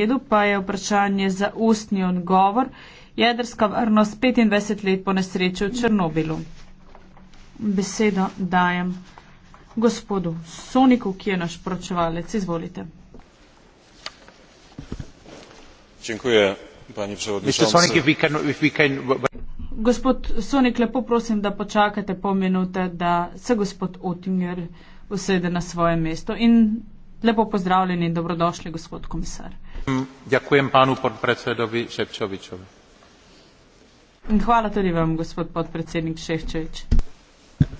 redu pa je vprašanje za ustni odgovor. Jedrska varnost 25 let po nesreči v Černobilu. Besedo dajem gospodu Soniku, ki je naš poročevalec. Izvolite. Čenkuje, Sonic, if we can, if we can... Gospod Sonik, lepo prosim, da počakate pol minute, da se gospod Otinger usede na svoje mesto. In lepo pozdravljeni in dobrodošli, gospod komisar ďakujem pánu podpredsedovi Šefčovičovi. Hvala tudi vám, gospod podpredsednik Šefčovič.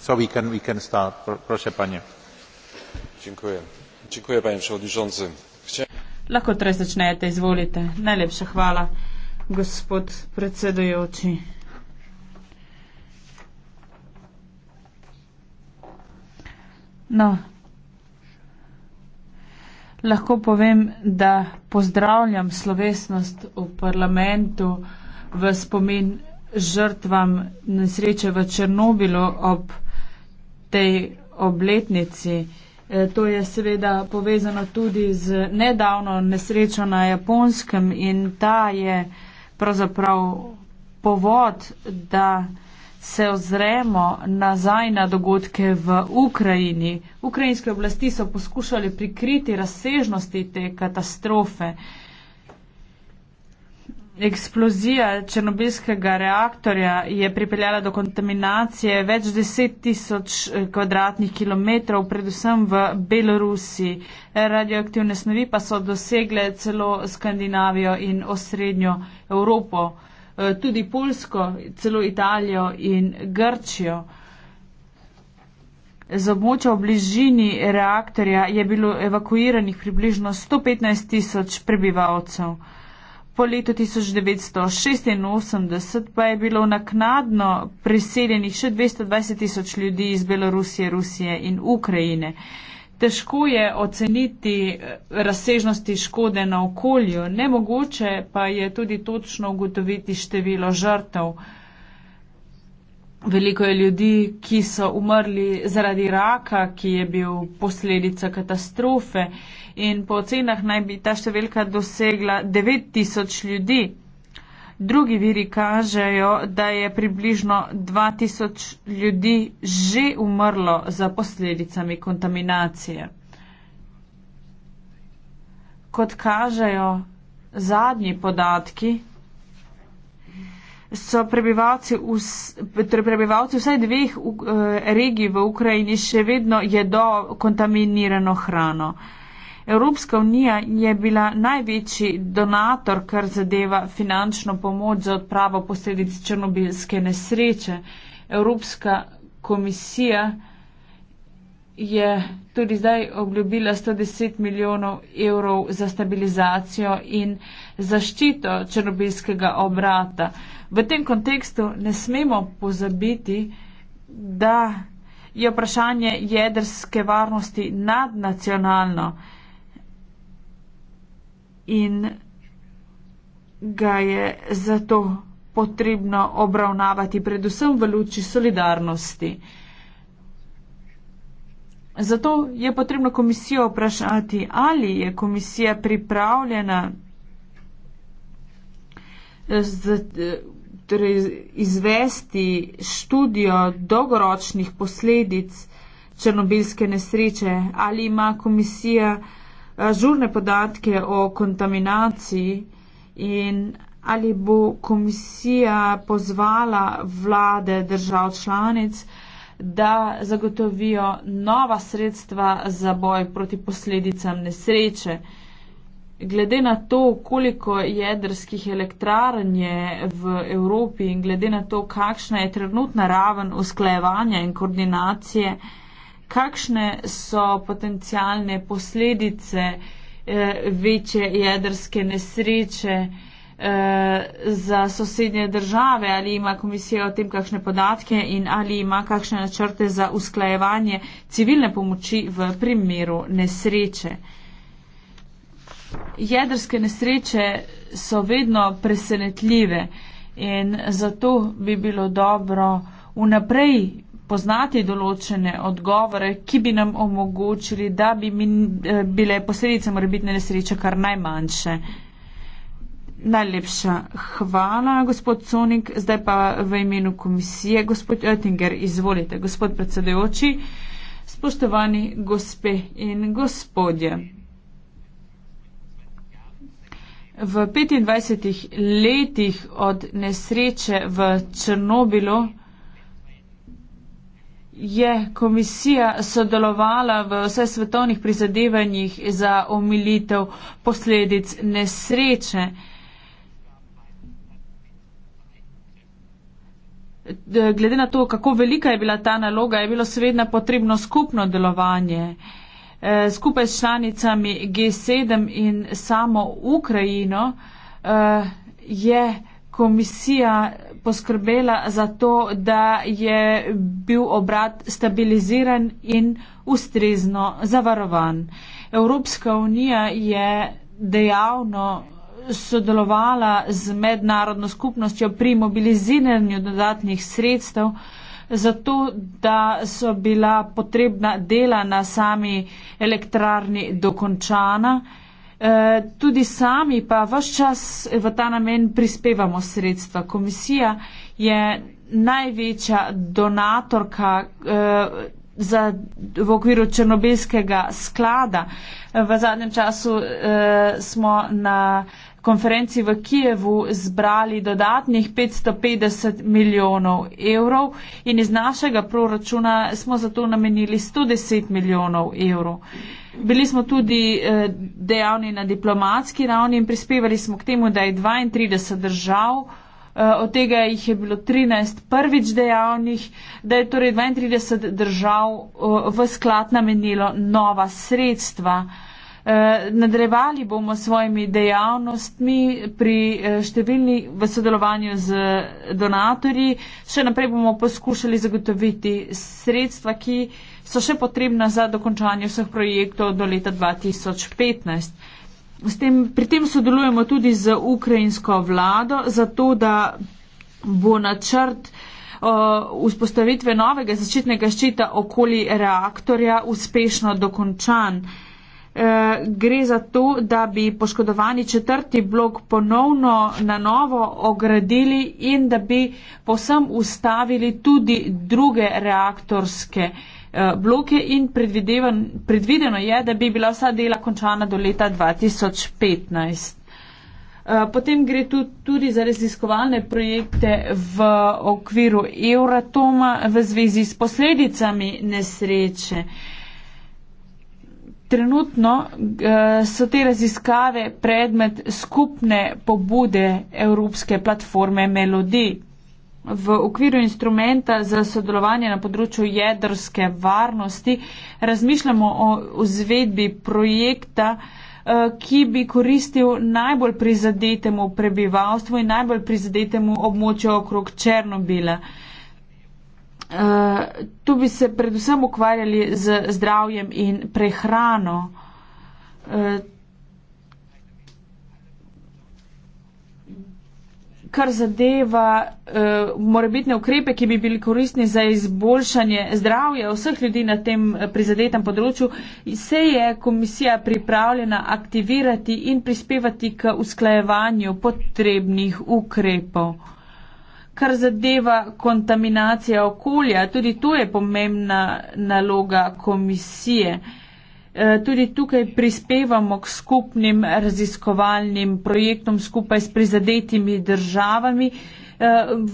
So we can, we can start. Proszę, panie. Dziękuję. Dziękuję, panie przewodniczący. Chcia... Lahko teraz torej zaczynajete, izvolite. Najlepša hvala, gospod predsedujoči. No, lahko povem, da pozdravljam slovesnost v parlamentu v spomin žrtvam nesreče v Černobilu ob tej obletnici. E, to je seveda povezano tudi z nedavno nesrečo na japonskem in ta je pravzaprav povod, da se ozremo nazaj na dogodke v Ukrajini. Ukrajinske oblasti so poskušali prikriti razsežnosti te katastrofe. Eksplozija černobilskega reaktorja je pripeljala do kontaminacije več deset tisoč eh, kvadratnih kilometrov, predvsem v Belorusiji. Radioaktivne snovi pa so dosegle celo Skandinavijo in osrednjo Evropo. Eh, tudi Polsko, celo Italijo in Grčijo. Z območja v bližini reaktorja je bilo evakuiranih približno 115 tisoč prebivalcev. Po letu 1986 pa je bilo naknadno priseljenih še 220 tisoč ljudi iz Belorusije, Rusije in Ukrajine. Težko je oceniti eh, razsežnosti škode na okolju, nemogoče pa je tudi točno ugotoviti število žrtev. Veliko je ljudi, ki so umrli zaradi raka, ki je bil posledica katastrofe in po ocenah naj bi ta številka dosegla 9000 ljudi. Drugi viri kažejo, da je približno 2000 ljudi že umrlo za posledicami kontaminacije. Kot kažejo zadnji podatki, so prebivalci, v, torej prebivalci vsaj dveh eh, regij v Ukrajini še vedno jedo kontaminirano hrano. Evropska unija je bila največji donator, kar zadeva finančno pomoč za odpravo posledic črnobilske nesreče. Evropska komisija je tudi zdaj obljubila 110 milijonov evrov za stabilizacijo in zaščito črnobilskega obrata. V tem kontekstu ne smemo pozabiti, da je vprašanje jedrske varnosti nadnacionalno in ga je zato potrebno obravnavati predvsem v luči solidarnosti. Zato je potrebno komisijo vprašati, ali je komisija pripravljena z, torej, izvesti študijo dolgoročnih posledic Černobilske nesreče, ali ima komisija uh, žurne podatke o kontaminaciji in ali bo komisija pozvala vlade držav članic, da zagotovijo nova sredstva za boj proti posledicam nesreče. Glede na to, koliko jedrskih elektrarn je v Evropi in glede na to, kakšna je trenutna raven usklajevanja in koordinacije, kakšne so potencijalne posledice eh, večje jedrske nesreče eh, za sosednje države, ali ima komisija o tem kakšne podatke in ali ima kakšne načrte za usklajevanje civilne pomoči v primeru nesreče. Jedrske nesreče so vedno presenetljive in zato bi bilo dobro vnaprej poznati določene odgovore, ki bi nam omogočili, da bi min, eh, bile posledice morebitne nesreče kar najmanjše. Najlepša hvala, gospod Sonik. Zdaj pa v imenu komisije, gospod Oettinger, izvolite, gospod predsedujoči, spoštovani gospe in gospodje. V 25 letih od nesreče v Črnobilu je komisija sodelovala v vse svetovnih prizadevanjih za omilitev posledic nesreče. Glede na to, kako velika je bila ta naloga, je bilo seveda potrebno skupno delovanje e, skupaj s članicami G7 in samo Ukrajino e, je komisija poskrbela za to, da je bil obrat stabiliziran in ustrezno zavarovan. Evropska unija je dejavno sodelovala z mednarodno skupnostjo pri mobiliziranju dodatnih sredstev, zato da so bila potrebna dela na sami elektrarni dokončana. Eh, tudi sami pa vse čas v ta namen prispevamo sredstva. Komisija je največja donatorka eh, za, v okviru Črnobeljskega sklada. V zadnjem času eh, smo na eh, konferenci v Kijevu zbrali dodatnih 550 milijonov evrov in iz našega proračuna smo za to namenili 110 milijonov evrov. Bili smo tudi eh, dejavni na diplomatski ravni in prispevali smo k temu, da je 32 držav. Eh, od tega jih je bilo 13 prvič dejavnih, da je torej 32 držav eh, v sklad namenilo nova sredstva uh, Eh, Nadrevali bomo s svojimi dejavnostmi pri eh, številni v sodelovanju z eh, donatorji. Še naprej bomo poskušali zagotoviti sredstva, ki so še potrebna za dokončanje vseh projektov do leta 2015. Tem, pri tem sodelujemo tudi z ukrajinsko vlado, zato da bo načrt vzpostavitve novega zaščitnega ščita okoli reaktorja uspešno dokončan. Uh, Eh, gre za to, da bi poškodovani četrti blok ponovno na novo ogradili in da bi posem ustavili tudi druge reaktorske eh, bloke in predvideno je, da bi bila vsa dela končana do leta 2015. Eh, potem gre tu tudi za raziskovalne projekte v okviru Euratoma v zvezi s posledicami nesreče. Uh, Trenutno uh, so te raziskave predmet skupne pobude Evropske platforme Melodi. V okviru instrumenta za sodelovanje na področju jedrske varnosti razmišljamo o izvedbi projekta, eh, ki bi koristil najbolj prizadetemu prebivalstvu in najbolj prizadetemu območju okrog Černobila. Uh, Eh, tu bi se predvsem ukvarjali z zdravjem in prehrano. Eh, kar zadeva uh, morebitne ukrepe, ki bi bili koristni za izboljšanje zdravja vseh ljudi na tem prizadetem področju, se je komisija pripravljena aktivirati in prispevati k usklajevanju potrebnih ukrepov kar zadeva kontaminacijo okolja. Tudi to je pomembna naloga komisije. E, tudi tukaj prispevamo k skupnim raziskovalnim projektom skupaj s prizadetimi državami. E,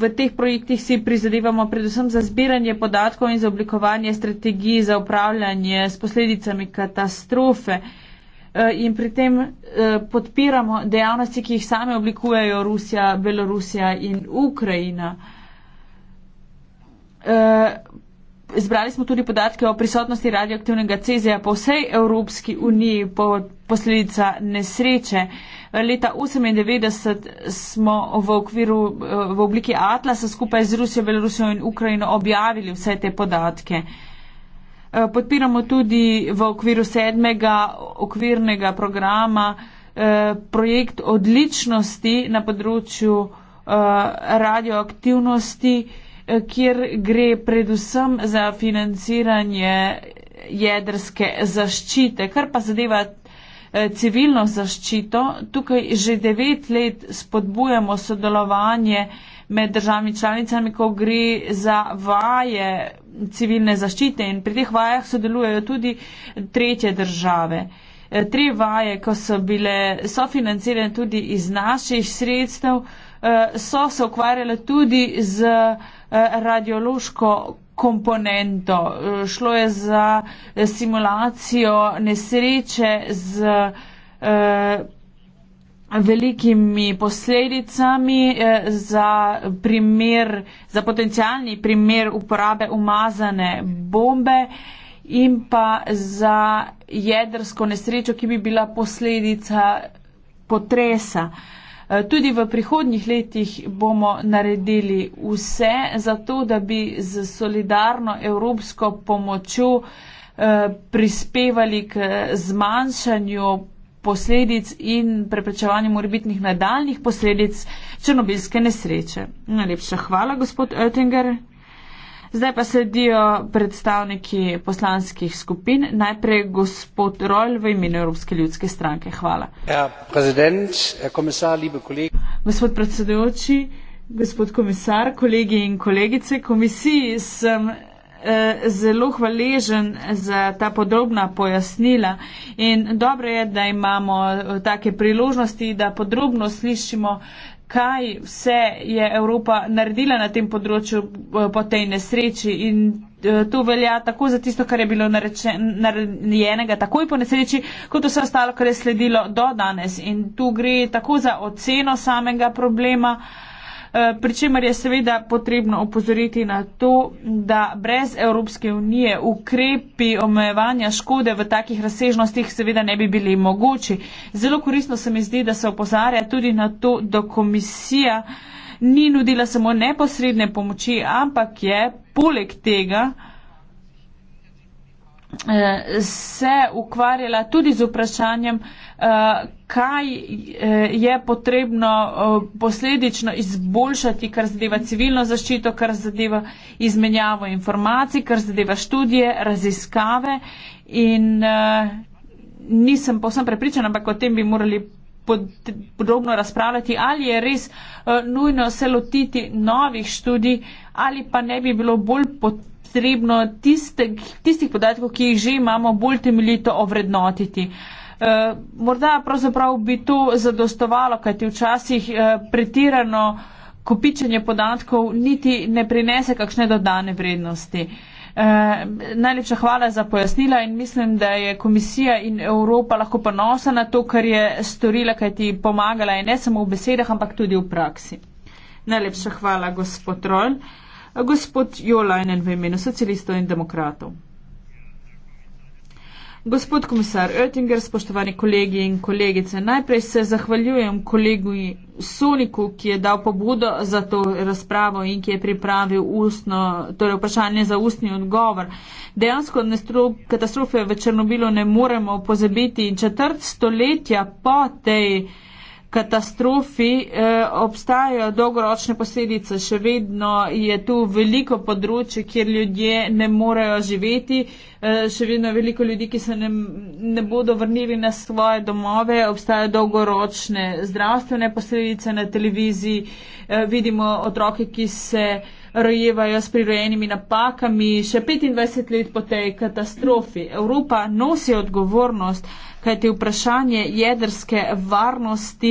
v teh projektih si prizadevamo predvsem za zbiranje podatkov in za oblikovanje strategij za upravljanje s posledicami katastrofe. Eh, in pri tem eh, podpiramo dejavnosti, ki jih same oblikujejo Rusija, Belorusija in Ukrajina. Eh, zbrali smo tudi podatke o prisotnosti radioaktivnega cezeja po vsej Evropski uniji po posledica nesreče. Leta 1998 smo v, okviru, v obliki Atlasa skupaj z Rusijo, Belorusijo in Ukrajino objavili vse te podatke. Uh, Eh, podpiramo tudi v okviru sedmega okvirnega programa eh, projekt odličnosti na področju eh, radioaktivnosti, kjer gre predvsem za financiranje jedrske zaščite, kar pa zadeva civilno zaščito. Tukaj že devet let spodbujamo sodelovanje med državami članicami, ko gre za vaje civilne zaščite in pri teh vajah sodelujejo tudi tretje države. E, tri vaje, ko so bile sofinancirane tudi iz naših sredstev, e, so se ukvarjale tudi z e, radiološko komponento. Šlo je za simulacijo nesreče z velikimi posledicami eh, za primer, za potencijalni primer uporabe umazane bombe in pa za jedrsko nesrečo, ki bi bila posledica potresa. Eh, tudi v prihodnjih letih bomo naredili vse za to, da bi z solidarno evropsko pomočjo eh, prispevali k zmanjšanju posledic in preprečevanju morbitnih nadaljnih posledic črnobilske nesreče. Najlepša hvala, gospod Oettinger. Zdaj pa sledijo predstavniki poslanskih skupin. Najprej gospod Rojl v imenu Evropske ljudske stranke. Hvala. Ja, gospod predsedujoči, gospod komisar, kolegi in kolegice, komisiji sem Eh, zelo hvaležen za ta podrobna pojasnila in dobro je, da imamo eh, take priložnosti, da podrobno slišimo, kaj vse je Evropa naredila na tem področju eh, po tej nesreči in To velja tako za tisto, kar je bilo narejenega takoj po nesreči, kot vse ostalo, kar je sledilo do danes. In tu gre tako za oceno samega problema, Eh, pri čemer je seveda potrebno opozoriti na to, da brez Evropske unije ukrepi omejevanja škode v takih razsežnostih seveda ne bi bili mogoči. Zelo koristno se mi zdi, da se opozarja tudi na to, da komisija ni nudila samo neposredne pomoči, ampak je poleg tega Eh, se ukvarjala tudi z vprašanjem, eh, kaj eh, je potrebno posledično izboljšati, kar zadeva civilno zaščito, kar zadeva izmenjavo informacij, kar zadeva študije, raziskave in nisem povsem prepričana, ampak o tem bi morali podobno razpravljati, ali je res nujno se lotiti novih študij ali pa ne bi bilo bolj potrebno potrebno tiste, tistih podatkov, ki jih že imamo, bolj temeljito ovrednotiti. E, morda pravzaprav bi to zadostovalo, kajti včasih e, pretirano kopičenje podatkov niti ne prinese kakšne dodane vrednosti. E, najlepša hvala za pojasnila in mislim, da je komisija in Evropa lahko ponosa na to, kar je storila, kajti pomagala je ne samo v besedah, ampak tudi v praksi. Najlepša hvala, gospod Rolj. Gospod Jolajnen v imenu socialistov in demokratov. Gospod komisar Oettinger, spoštovani kolegi in kolegice, najprej se zahvaljujem kolegu Soniku, ki je dal pobudo za to razpravo in ki je pripravil ustno, torej vprašanje za ustni odgovor. Dejansko katastrofe v Črnobilu ne moremo pozabiti in četrt stoletja po tej katastrofi katastrofi eh, obstajajo dolgoročne posledice. Še vedno je tu veliko področje, kjer ljudje ne morejo živeti, eh, še vedno je veliko ljudi, ki se ne, ne bodo vrnili na svoje domove. Obstajajo dolgoročne zdravstvene posledice na televiziji. Eh, vidimo otroke, ki se rojevajo s prirojenimi napakami še 25 let po tej katastrofi. Evropa nosi odgovornost. Eh, kajte vprašanje jedrske varnosti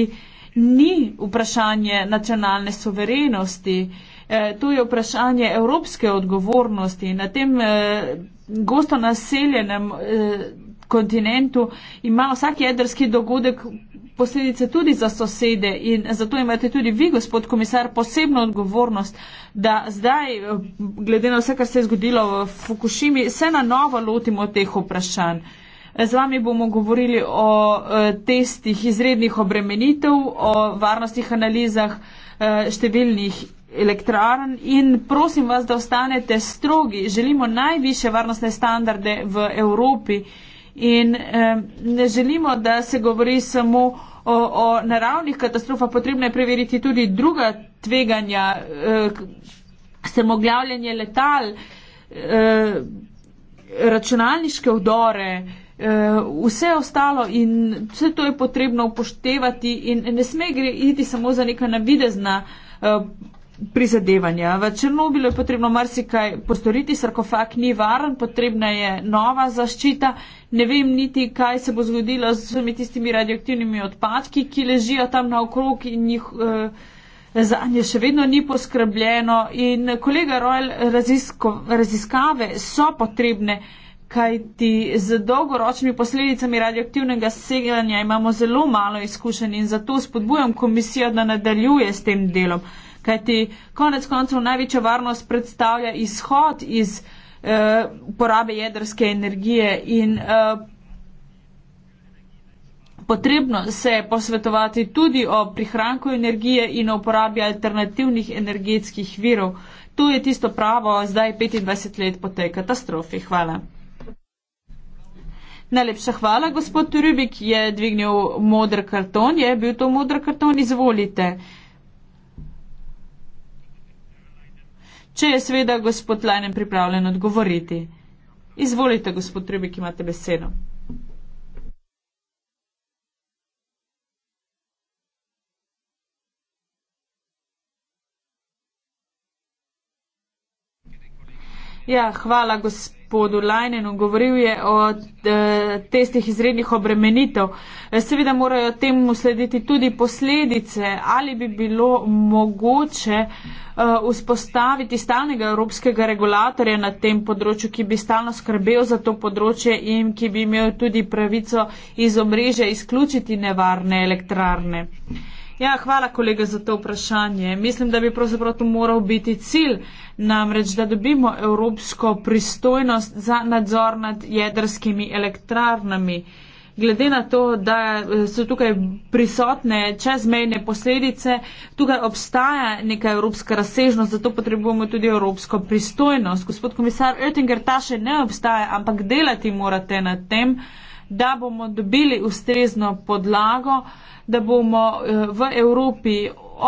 ni vprašanje nacionalne soverenosti, e, to je vprašanje evropske odgovornosti. Na tem e, gosto naseljenem e, kontinentu ima vsak jedrski dogodek posledice tudi za sosede in zato imate tudi vi, gospod komisar, posebno odgovornost, da zdaj, e, glede na vse, kar se je zgodilo v Fukushimi, se na novo lotimo teh vprašanj. Z vami bomo govorili o e, testih izrednih obremenitev, o varnostnih analizah e, številnih elektrarn in prosim vas, da ostanete strogi. Želimo najviše varnostne standarde v Evropi in e, ne želimo, da se govori samo o, o naravnih katastrofah. Potrebno je preveriti tudi druga tveganja, stremogljavljanje letal, računalniške vdore. Eh, vse ostalo in vse to je potrebno upoštevati in ne sme gre iti samo za neka navidezna eh, prizadevanja. V Črnobilu je potrebno marsikaj postoriti, sarkofag ni varen, potrebna je nova zaščita. Ne vem niti, kaj se bo zgodilo z vsemi tistimi radioaktivnimi odpadki, ki ležijo tam naokrog in jih. Eh, za nje še vedno ni poskrbljeno in kolega Royal, raziskave so potrebne, kaj ti z dolgoročnimi posledicami radioaktivnega segljanja imamo zelo malo izkušenj in zato spodbujam komisijo, da nadaljuje s tem delom. Kaj ti konec koncev največjo varnost predstavlja izhod iz eh, uporabe jedrske energije in eh, potrebno se posvetovati tudi o prihranku energije in o uporabi alternativnih energetskih virov. To je tisto pravo zdaj 25 let po tej katastrofi. Hvala. Najlepša hvala, gospod Rubik je dvignil modr karton. Je bil to modr karton? Izvolite. Če je seveda gospod Lajnen pripravljen odgovoriti. Izvolite, gospod Rubik, imate besedo. Ja, hvala, gospod. Podolajnenu govoril je o e, testih izrednih obremenitev. E, seveda morajo temu slediti tudi posledice, ali bi bilo mogoče e, vzpostaviti stalnega evropskega regulatorja na tem področju, ki bi stalno skrbel za to področje in ki bi imel tudi pravico iz omrežja izključiti nevarne elektrarne. Ja, hvala, kolega, za to vprašanje. Mislim, da bi pravzaprav to moral biti cilj, namreč, da dobimo evropsko pristojnost za nadzor nad jedrskimi elektrarnami. Glede na to, da so tukaj prisotne čezmejne posledice, tukaj obstaja neka evropska razsežnost, zato potrebujemo tudi evropsko pristojnost. Gospod komisar Oettinger, ta še ne obstaja, ampak delati morate na tem, da bomo dobili ustrezno podlago, da bomo eh, v Evropi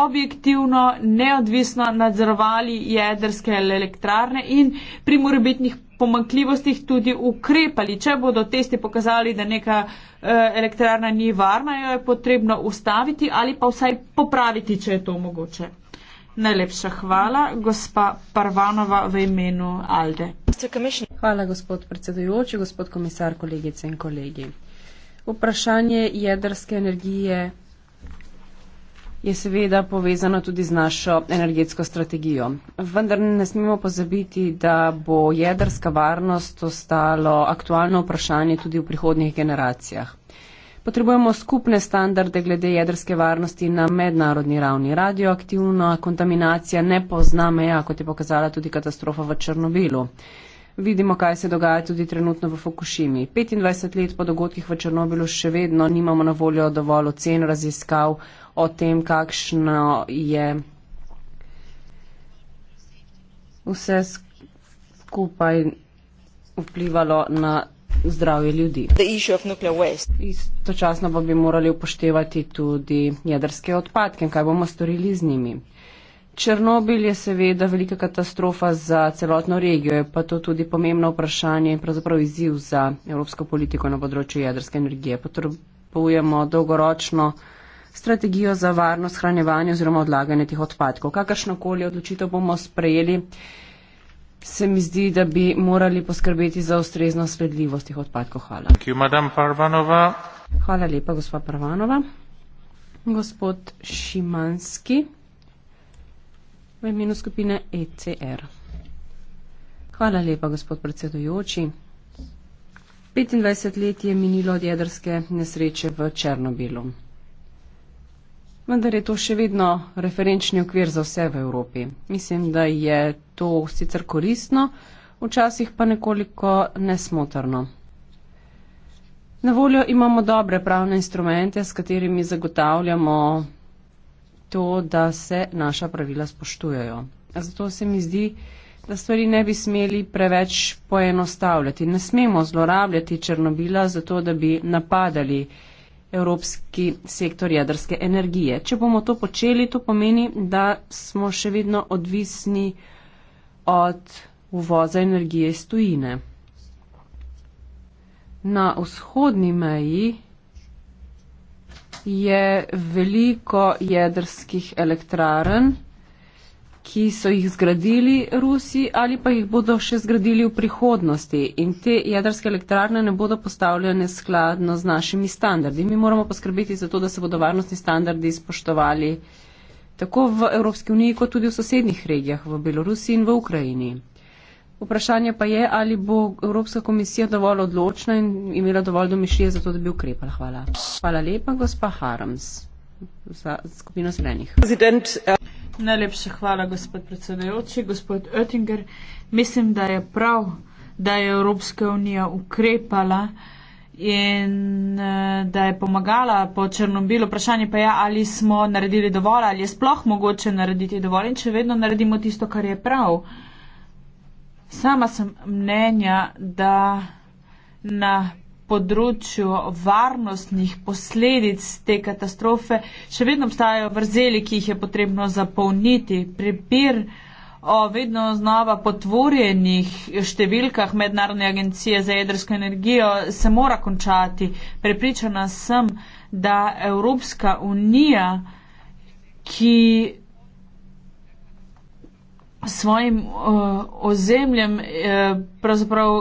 objektivno, neodvisno nadzorovali jedrske elektrarne in pri morebitnih pomankljivostih tudi ukrepali. Če bodo testi pokazali, da neka eh, elektrarna ni varna, jo je potrebno ustaviti ali pa vsaj popraviti, če je to mogoče. Najlepša hvala, gospa Parvanova v imenu Alde. Hvala, gospod predsedujoči, gospod komisar, kolegice in kolegi. Vprašanje jedrske energije je seveda povezano tudi z našo energetsko strategijo. Vendar ne smemo pozabiti, da bo jedrska varnost ostalo aktualno vprašanje tudi v prihodnjih generacijah. Potrebujemo skupne standarde glede jedrske varnosti na mednarodni ravni. Radioaktivna kontaminacija ne pozna meja, kot je pokazala tudi katastrofa v Črnobilu. Vidimo, kaj se dogaja tudi trenutno v Fukushimi. 25 let po dogodkih v Černobilu še vedno nimamo na voljo dovolj ocen raziskav o tem, kakšno je vse skupaj vplivalo na zdravje ljudi. Istočasno pa bi morali upoštevati tudi jedrske odpadke in kaj bomo storili z njimi. Černobil je seveda velika katastrofa za celotno regijo, je pa to tudi pomembno vprašanje in pravzaprav izziv za evropsko politiko na področju jedrske energije. Potrebujemo dolgoročno strategijo za varno shranjevanje oziroma odlaganje teh odpadkov. Kakršnokoli odločitev bomo sprejeli, se mi zdi, da bi morali poskrbeti za ustrezno sledljivost teh odpadkov. Hvala. You, Hvala lepa, gospa Parvanova. Gospod Šimanski v imenu skupine ECR. Hvala lepa, gospod predsedujoči. 25 let je minilo od jedrske nesreče v Černobilu. Vendar je to še vedno referenčni okvir za vse v Evropi. Mislim, da je to sicer koristno, včasih pa nekoliko nesmotrno. Na voljo imamo dobre pravne instrumente, s katerimi zagotavljamo to, da se naša pravila spoštujejo. Zato se mi zdi, da stvari ne bi smeli preveč poenostavljati. Ne smemo zlorabljati Černobila zato, da bi napadali Evropski sektor jedrske energije. Če bomo to počeli, to pomeni, da smo še vedno odvisni od uvoza energije iz tujine. Na vzhodni meji je veliko jedrskih elektrarn, ki so jih zgradili Rusi ali pa jih bodo še zgradili v prihodnosti. In te jedrske elektrarne ne bodo postavljene skladno z našimi standardi. Mi moramo poskrbeti za to, da se bodo varnostni standardi spoštovali tako v Evropski uniji, kot tudi v sosednjih regijah, v Belorusiji in v Ukrajini. Vprašanje pa je, ali bo Evropska komisija dovolj odločna in imela dovolj domišljije za to, da bi ukrepala. Hvala. Hvala lepa, gospa Harams, za skupino zelenih. Eh, Najlepša hvala, gospod predsedajoči, gospod Oettinger. Mislim, da je prav, da je Evropska unija ukrepala in eh, da je pomagala po Črnobilu. Vprašanje pa je, ali smo naredili dovolj, ali je sploh mogoče narediti dovolj in če vedno naredimo tisto, kar je prav. Sama sem mnenja, da na področju varnostnih posledic te katastrofe še vedno obstajajo vrzeli, ki jih je potrebno zapolniti. Prepir o vedno znova potvorjenih številkah Mednarodne agencije za jedrsko energijo se mora končati. Prepričana sem, da Evropska unija, ki svojim uh, ozemljem, eh,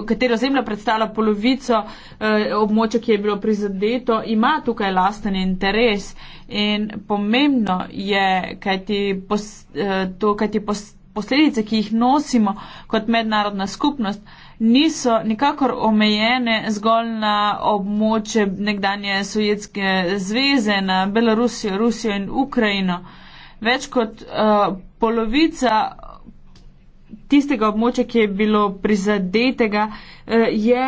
katero zemlja predstavlja polovico eh, območja, ki je bilo prizadeto, ima tukaj lasten interes in pomembno je, kajti pos, eh, to, kajti pos, posledice, ki jih nosimo kot mednarodna skupnost, niso nikakor omejene zgolj na območje nekdanje Sovjetske zveze, na Belorusijo, Rusijo in Ukrajino. Več kot uh, polovica tistega območja, ki je bilo prizadetega, eh, je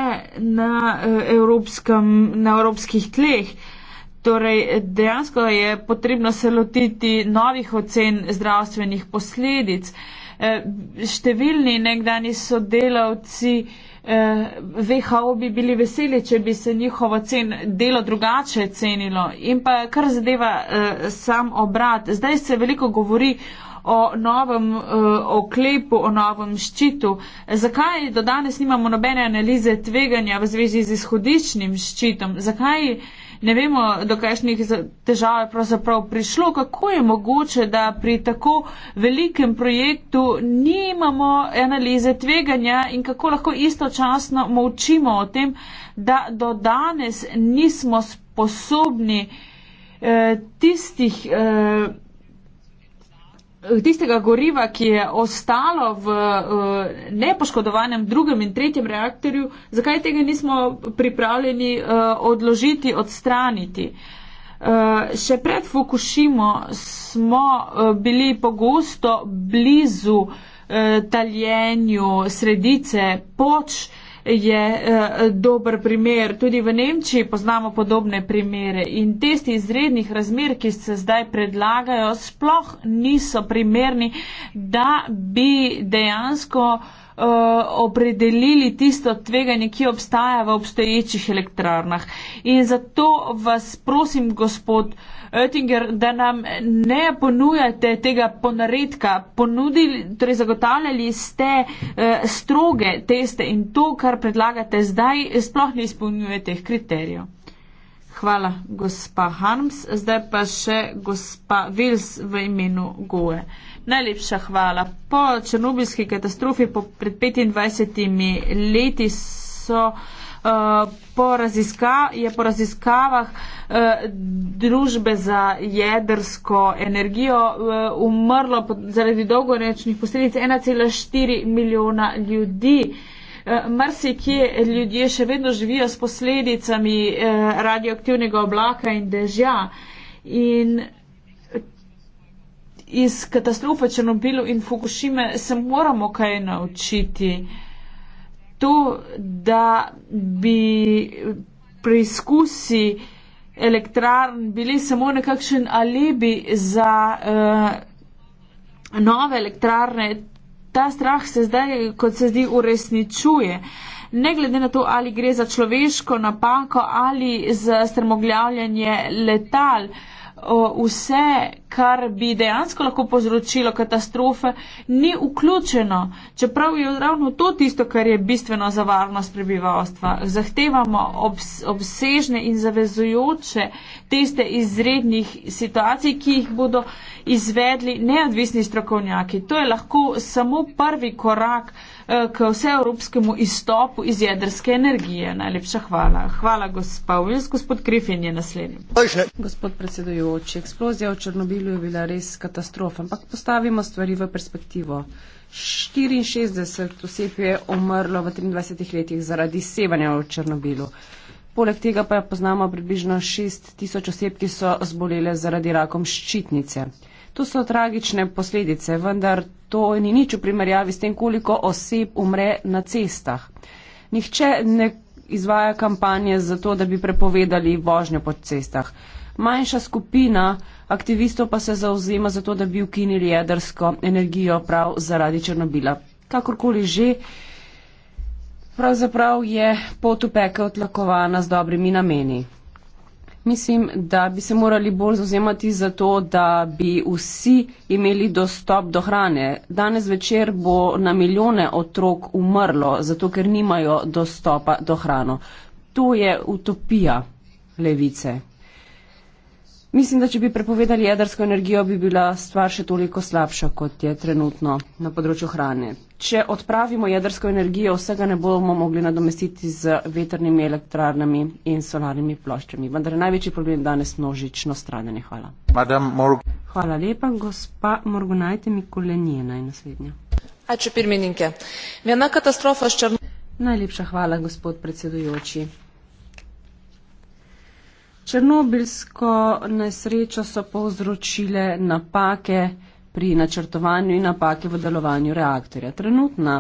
na, eh, evropskem, na evropskih tleh. Torej, dejansko je potrebno se lotiti novih ocen zdravstvenih posledic. Eh, številni nekdani sodelavci VHO bi bili veseli, če bi se njihovo cen, delo drugače cenilo. In pa kar zadeva sam obrat. Zdaj se veliko govori o novem uh, oklepu, o novem ščitu. Zakaj do danes nimamo nobene analize tveganja v zvezi z izhodiščnim ščitom? Zakaj ne vemo, do kakšnih težav je pravzaprav prišlo? Kako je mogoče, da pri tako velikem projektu nimamo analize tveganja in kako lahko istočasno molčimo o tem, da do danes nismo sposobni eh, tistih. Eh, tistega goriva, ki je ostalo v eh, nepoškodovanem drugem in tretjem reaktorju, zakaj tega nismo pripravljeni eh, odložiti, odstraniti. Eh, še pred Fukushimo smo bili pogosto blizu taljenju sredice poč, je uh, dober primer. Tudi v Nemčiji poznamo podobne primere in testi izrednih razmer, ki se zdaj predlagajo, sploh niso primerni, da bi dejansko eh, opredelili tisto tveganje, ki obstaja v obstoječih elektrarnah. In zato vas prosim, gospod uh, Oettinger, da nam ne ponujate tega ponaredka, ponudili, torej zagotavljali ste eh, stroge teste in to, kar predlagate zdaj, sploh ne izpolnjuje teh kriterijev. Hvala, gospa Harms. Zdaj pa še gospa Vils v imenu Goe. Najlepša hvala. Po černobilski katastrofi po pred 25 leti so. Eh, po, raziska, je po raziskavah eh, družbe za jedrsko energijo eh, umrlo zaradi dolgorečnih posledic 1,4 milijona ljudi. Mrsi, ki ljudje še vedno živijo s posledicami radioaktivnega oblaka in dežja. In iz katastrofe Černobilu in Fukushime se moramo kaj naučiti to, da bi preizkusi elektrarn bili samo nekakšen alibi za uh, nove elektrarne, ta strah se zdaj, kot se zdi, uresničuje. Ne glede na to, ali gre za človeško napako ali za strmoglavljanje letal. Uh, vse, kar bi dejansko lahko povzročilo katastrofe, ni vključeno. Čeprav je ravno to tisto, kar je bistveno za varnost prebivalstva. Zahtevamo obs obsežne in zavezujoče teste izrednih situacij, ki jih bodo izvedli neodvisni strokovnjaki. To je lahko samo prvi korak eh, k vseevropskemu izstopu iz jedrske energije. Najlepša hvala. Hvala, gospa Uvils. Gospod Krifin je naslednji. Gospod predsedujoči, eksplozija v Črnobilu je bila res katastrofa, ampak postavimo stvari v perspektivo. 64 oseb je umrlo v 23 letih zaradi sevanja v Črnobilu. Poleg tega pa poznamo približno 6 tisoč oseb, ki so zbolele zaradi rakom ščitnice. To so tragične posledice, vendar to ni nič v primerjavi s tem, koliko oseb umre na cestah. Nihče ne izvaja kampanje za to, da bi prepovedali vožnjo po cestah. Manjša skupina aktivistov pa se zauzema za to, da bi ukinili jedrsko energijo prav zaradi Černobila. Kakorkoli že, pravzaprav je pot v pekel tlakovana z dobrimi nameni mislim, da bi se morali bolj zauzemati za to, da bi vsi imeli dostop do hrane. Danes večer bo na milijone otrok umrlo, zato ker nimajo dostopa do hrano. To je utopija levice. Mislim, da če bi prepovedali jedrsko energijo, bi bila stvar še toliko slabša, kot je trenutno na področju hrane če odpravimo jedrsko energijo, vsega ne bomo mogli nadomestiti z veternimi elektrarnami in solarnimi ploščami. Vendar je največji problem danes množično stranjenje. Hvala. Hvala lepa, gospa Morgunajte Mikolenjena in naslednja. Ače pirmeninke, vena katastrofa s črnom. Najlepša hvala, gospod predsedujoči. Črnobilsko nesrečo so povzročile napake pri načrtovanju in napaki v delovanju reaktorja. Trenutna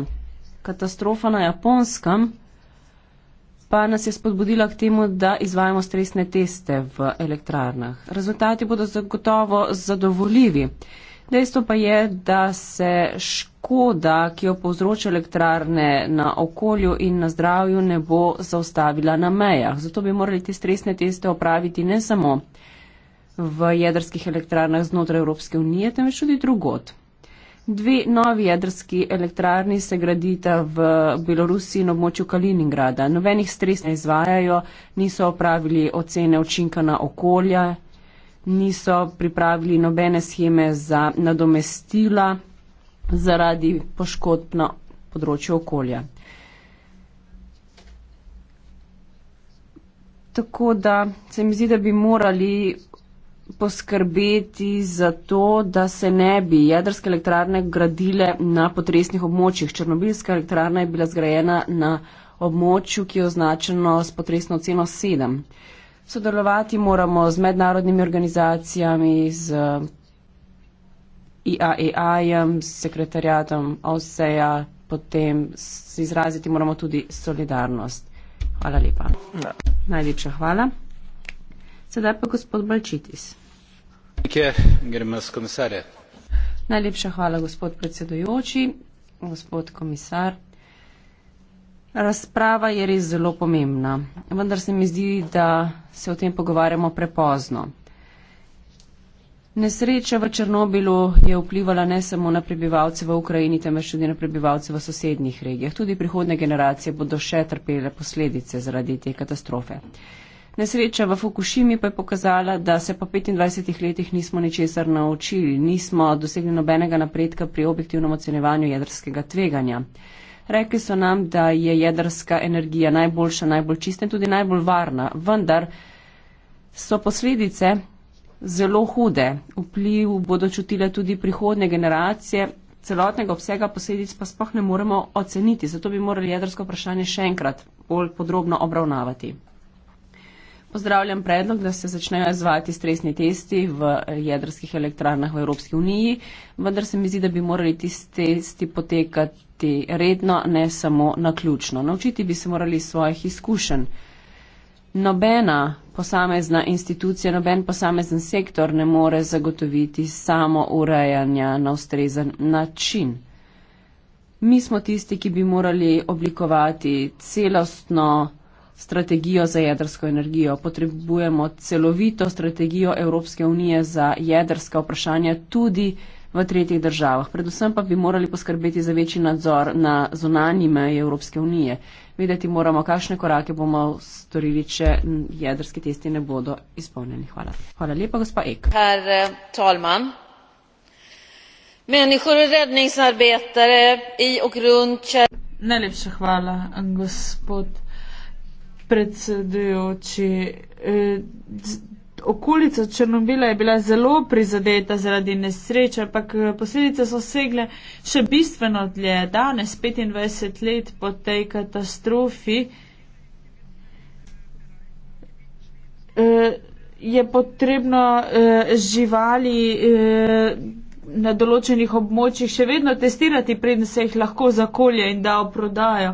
katastrofa na Japonskem pa nas je spodbudila k temu, da izvajamo stresne teste v elektrarnah. Rezultati bodo zagotovo zadovoljivi. Dejstvo pa je, da se škoda, ki jo povzroča elektrarne na okolju in na zdravju, ne bo zaustavila na mejah. Zato bi morali te stresne teste opraviti ne samo v jedrskih elektrarnah znotraj Evropske unije, temveč tudi drugot. Dve novi jedrski elektrarni se gradita v Belorusiji in območju Kaliningrada. Nobenih stres ne izvajajo, niso opravili ocene učinka na okolje, niso pripravili nobene scheme za nadomestila zaradi poškodb na področju okolja. Tako da se mi zdi, da bi morali poskrbeti za to, da se ne bi jedrske elektrarne gradile na potresnih območjih. Černobilska elektrarna je bila zgrajena na območju, ki je označeno s potresno ceno 7. Sodelovati moramo z mednarodnimi organizacijami, z IAEA-jem, s sekretarjatom OSEA, potem izraziti moramo tudi solidarnost. Hvala lepa. No. Najlepša hvala. Sedaj pa gospod Balčitis. Najlepša hvala, gospod predsedujoči. Gospod komisar, razprava je res zelo pomembna, vendar se mi zdi, da se o tem pogovarjamo prepozno. Nesreča v Černobilu je vplivala ne samo na prebivalce v Ukrajini, temveč tudi na prebivalce v sosednjih regijah. Tudi prihodne generacije bodo še trpele posledice zaradi te katastrofe. Nesreča v Fukushimi pa je pokazala, da se po 25 letih nismo ničesar naučili, nismo dosegli nobenega napredka pri objektivnem ocenjevanju jedrskega tveganja. Rekli so nam, da je jedrska energija najboljša, najbolj čista in tudi najbolj varna, vendar so posledice zelo hude. Vpliv bodo čutile tudi prihodne generacije, celotnega obsega posledic pa sploh ne moremo oceniti, zato bi morali jedrsko vprašanje še enkrat bolj podrobno obravnavati. Pozdravljam predlog, da se začnejo izvajati stresni testi v jedrskih elektrarnah v Evropski uniji, vendar se mi zdi, da bi morali ti testi potekati redno, ne samo naključno. Naučiti bi se morali svojih izkušenj. Nobena posamezna institucija, noben posamezen sektor ne more zagotoviti samo urejanja na ustrezen način. Mi smo tisti, ki bi morali oblikovati celostno strategijo za jedrsko energijo. Potrebujemo celovito strategijo Evropske unije za jedrska vprašanja tudi v tretjih državah. Predvsem pa bi morali poskrbeti za večji nadzor na zunanji meji Evropske unije. Videti moramo, kakšne korake bomo storili, če jedrski testi ne bodo izpolnjeni. Hvala. Hvala lepa, gospa Ek. Herr eh, Talman. Människor och räddningsarbetare i och runt... Najlepša hvala, gospod predsedujoči. Eh, okolica Črnobila je bila zelo prizadeta zaradi nesreče, ampak eh, posledice so segle še bistveno dlje. Danes, 25 let po tej katastrofi, eh, je potrebno živali na določenih območjih še vedno testirati, preden se jih lahko zakolje in da oprodajo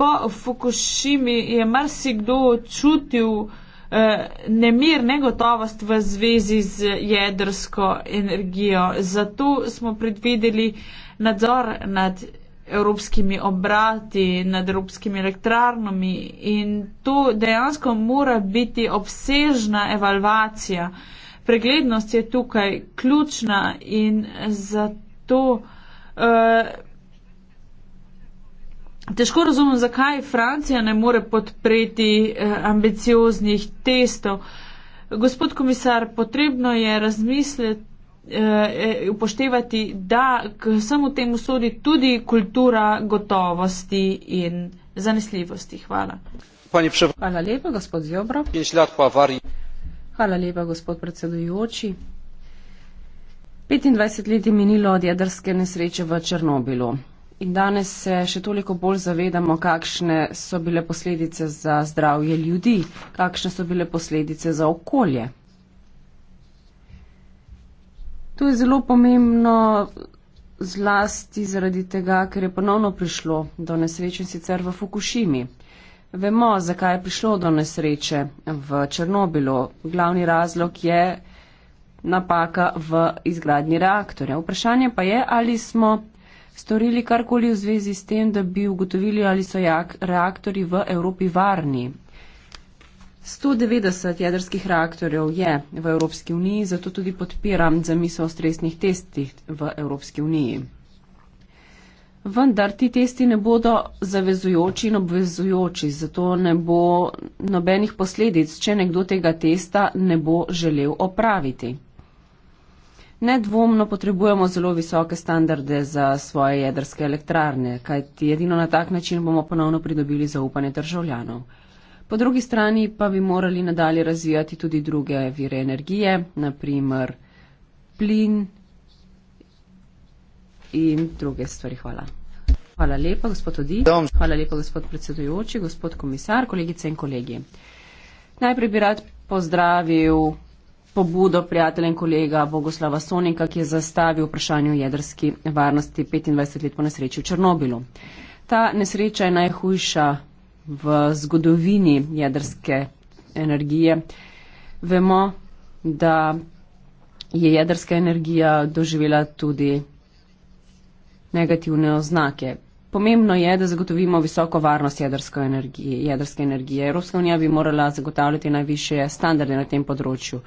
po Fukushimi je marsikdo čutil eh, nemir, negotovost v zvezi z jedrsko energijo. Zato smo predvideli nadzor nad evropskimi obrati, nad evropskimi elektrarnami in to dejansko mora biti obsežna evalvacija. Preglednost je tukaj ključna in zato. Eh, Težko razumem, zakaj Francija ne more podpreti eh, ambicioznih testov. Gospod komisar, potrebno je razmisliti. Eh, eh, upoštevati, da k vsemu temu sodi tudi kultura gotovosti in zanesljivosti. Hvala. Hvala lepa, gospod Zjobro. Hvala lepa, gospod predsedujoči. 25 let je minilo od jedrske nesreče v Černobilu. In danes se še toliko bolj zavedamo, kakšne so bile posledice za zdravje ljudi, kakšne so bile posledice za okolje. To je zelo pomembno zlasti zaradi tega, ker je ponovno prišlo do nesreče sicer v Fukushimi. Vemo, zakaj je prišlo do nesreče v Černobilu. Glavni razlog je napaka v izgradnji reaktorja. Vprašanje pa je, ali smo storili karkoli v zvezi s tem, da bi ugotovili, ali so jak, reaktori v Evropi varni? 190 jedrskih reaktorjev je v Evropski uniji, zato tudi podpiram zamisel o stresnih testih v Evropski uniji. Vendar ti testi ne bodo zavezujoči in obvezujoči, zato ne bo nobenih posledic, če nekdo tega testa ne bo želel opraviti. Nedvomno potrebujemo zelo visoke standarde za svoje jedrske elektrarne, kajti edino na tak način bomo ponovno pridobili zaupanje državljanov. Po drugi strani pa bi morali nadalje razvijati tudi druge vire energije, naprimer plin in druge stvari. Hvala. Hvala lepa, gospod Odi. Hvala lepa, gospod predsedujoči, gospod komisar, kolegice in kolegi. Najprej bi rad pozdravil pobudo prijatelja in kolega Bogoslava Sonika, ki je zastavil vprašanje o jedrski varnosti 25 let po nesreči v Černobilu. Ta nesreča je najhujša v zgodovini jedrske energije. Vemo, da je jedrska energija doživela tudi negativne oznake. Pomembno je, da zagotovimo visoko varnost energije, jedrske energije. Evropska unija bi morala zagotavljati najviše standarde na tem področju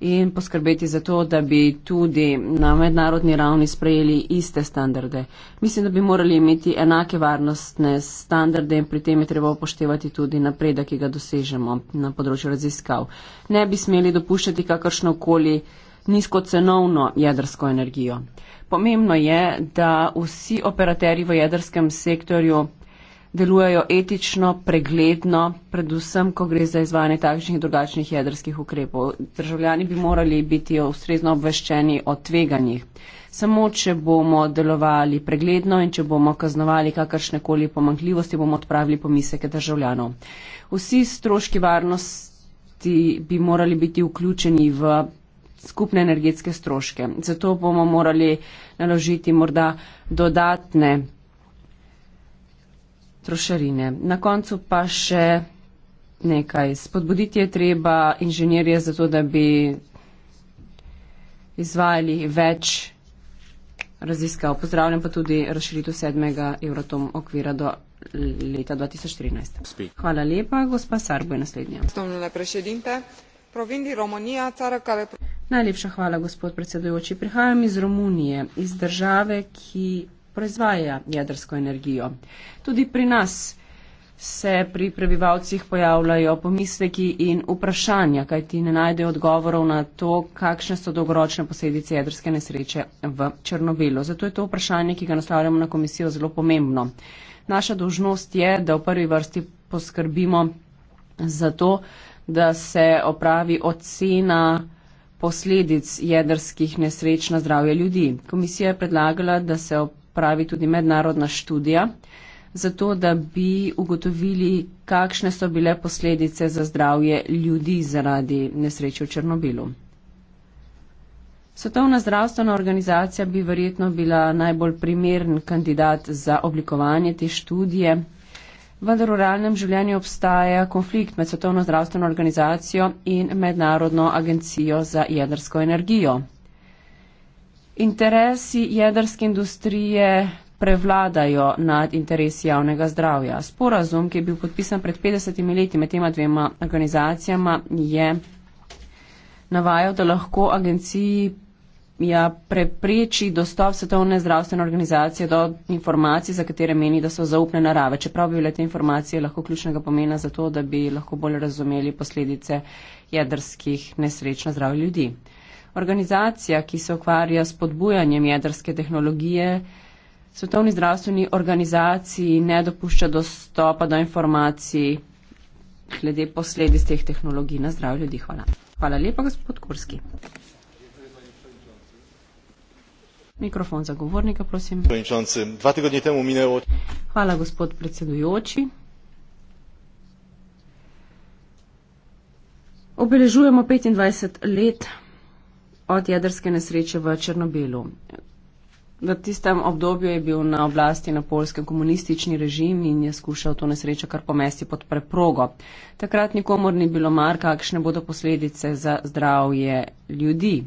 in poskrbeti za to, da bi tudi na mednarodni ravni sprejeli iste standarde. Mislim, da bi morali imeti enake varnostne standarde in pri tem je treba upoštevati tudi napredek, ki ga dosežemo na področju raziskav. Ne bi smeli dopuščati kakršnokoli nizkocenovno jedrsko energijo. Pomembno je, da vsi operateri v jedrskem sektorju delujejo etično, pregledno, predvsem, ko gre za izvajanje takšnih in drugačnih jedrskih ukrepov. Državljani bi morali biti ustrezno obveščeni o tveganjih. Samo, če bomo delovali pregledno in če bomo kaznovali kakršne koli pomankljivosti, bomo odpravili pomiseke državljanov. Vsi stroški varnosti bi morali biti vključeni v skupne energetske stroške. Zato bomo morali naložiti morda dodatne trošarine. Na koncu pa še nekaj. Spodbuditi je treba inženirje za to, da bi izvajali več raziskav. Pozdravljam pa tudi razširitev sedmega evrotom okvira do leta 2013. Hvala lepa, gospa Sarbo je naslednja. Najlepša hvala, gospod predsedujoči. Prihajam iz Romunije, iz države, ki proizvaja jedrsko energijo. Tudi pri nas se pri prebivalcih pojavljajo pomisleki in vprašanja, kaj ti ne najde odgovorov na to, kakšne so dolgoročne posledice jedrske nesreče v Črnobilu. Zato je to vprašanje, ki ga naslavljamo na komisijo, zelo pomembno. Naša dožnost je, da v prvi vrsti poskrbimo za to, da se opravi ocena posledic jedrskih nesreč na zdravje ljudi. Komisija je predlagala, da se ob opravi tudi mednarodna študija, zato da bi ugotovili, kakšne so bile posledice za zdravje ljudi zaradi nesreče v Černobilu. Svetovna zdravstvena organizacija bi verjetno bila najbolj primern kandidat za oblikovanje te študije, vendar v realnem življenju obstaja konflikt med Svetovno zdravstveno organizacijo in Mednarodno agencijo za jedrsko energijo interesi jedrske industrije prevladajo nad interesi javnega zdravja. Sporazum, ki je bil podpisan pred 50 leti med tema dvema organizacijama, je navajal, da lahko agenciji ja, prepreči dostop svetovne zdravstvene organizacije do informacij, za katere meni, da so zaupne narave. Čeprav bi bile te informacije lahko ključnega pomena za to, da bi lahko bolje razumeli posledice jedrskih nesreč na zdravje ljudi organizacija, ki se ukvarja s podbujanjem jedrske tehnologije, svetovni zdravstveni organizaciji ne dopušča dostopa do informacij glede posledic teh tehnologij na zdrav ljudi. Hvala. Hvala lepa, gospod Kurski. Mikrofon za govornika, prosim. Dva tedne temu minejo. Hvala, gospod predsedujoči. Obeležujemo 25 let od jedrske nesreče v Črnobelu. V tistem obdobju je bil na oblasti na polskem komunistični režim in je skušal to nesrečo kar pomesti pod preprogo. Takrat nikomor ni bilo mar, kakšne bodo posledice za zdravje ljudi.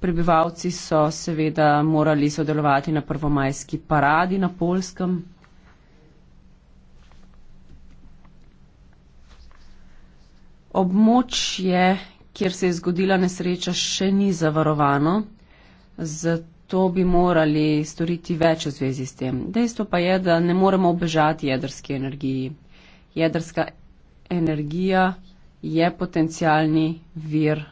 Prebivalci so seveda morali sodelovati na prvomajski paradi na polskem. Območje kjer se je zgodila nesreča, še ni zavarovano, zato bi morali storiti več v zvezi s tem. Dejstvo pa je, da ne moremo obežati jedrski energiji. Jedrska energija je potencijalni vir.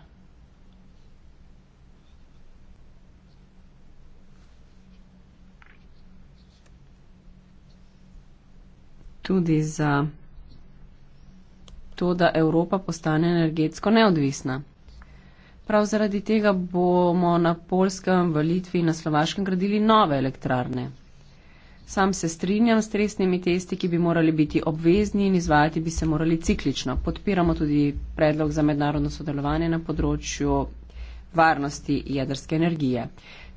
Tudi za to, da Evropa postane energetsko neodvisna. Prav zaradi tega bomo na Polskem, v Litvi in na Slovaškem gradili nove elektrarne. Sam se strinjam s stresnimi testi, ki bi morali biti obvezni in izvajati bi se morali ciklično. Podpiramo tudi predlog za mednarodno sodelovanje na področju varnosti jedrske energije.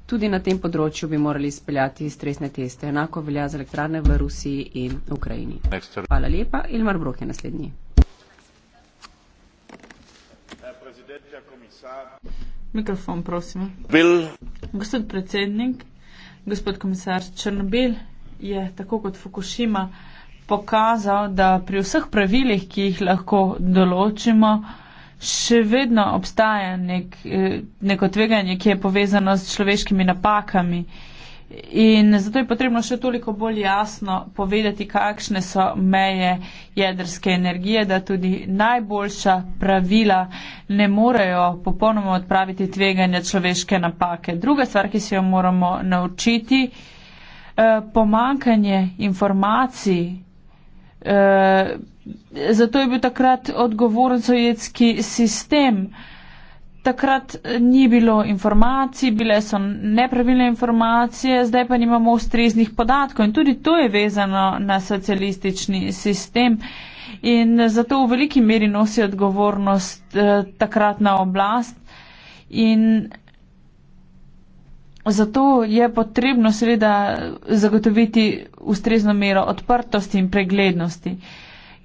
Tudi na tem področju bi morali izpeljati stresne teste. Enako velja za elektrarne v Rusiji in Ukrajini. Hvala lepa. Ilmar Brok je naslednji. komisar. Mikrofon, prosim. Bil. Gospod predsednik, gospod komisar Črnobil je tako kot Fukushima pokazal, da pri vseh pravilih, ki jih lahko določimo, še vedno obstaja nek, eh, neko tveganje, ki je povezano s človeškimi napakami. In zato je potrebno še toliko bolj jasno povedati, kakšne so meje jedrske energije, da tudi najboljša pravila ne morejo popolnoma odpraviti tveganja človeške napake. Druga stvar, ki se jo moramo naučiti, eh, pomankanje informacij. Eh, zato je bil takrat odgovoren sovjetski sistem takrat eh, ni bilo informacij, bile so nepravilne informacije, zdaj pa nimamo ustreznih podatkov in tudi to je vezano na socialistični sistem. In zato v veliki meri nosi odgovornost eh, takratna oblast. In zato je potrebno seveda zagotoviti ustrezno mero odprtosti in preglednosti. Eh,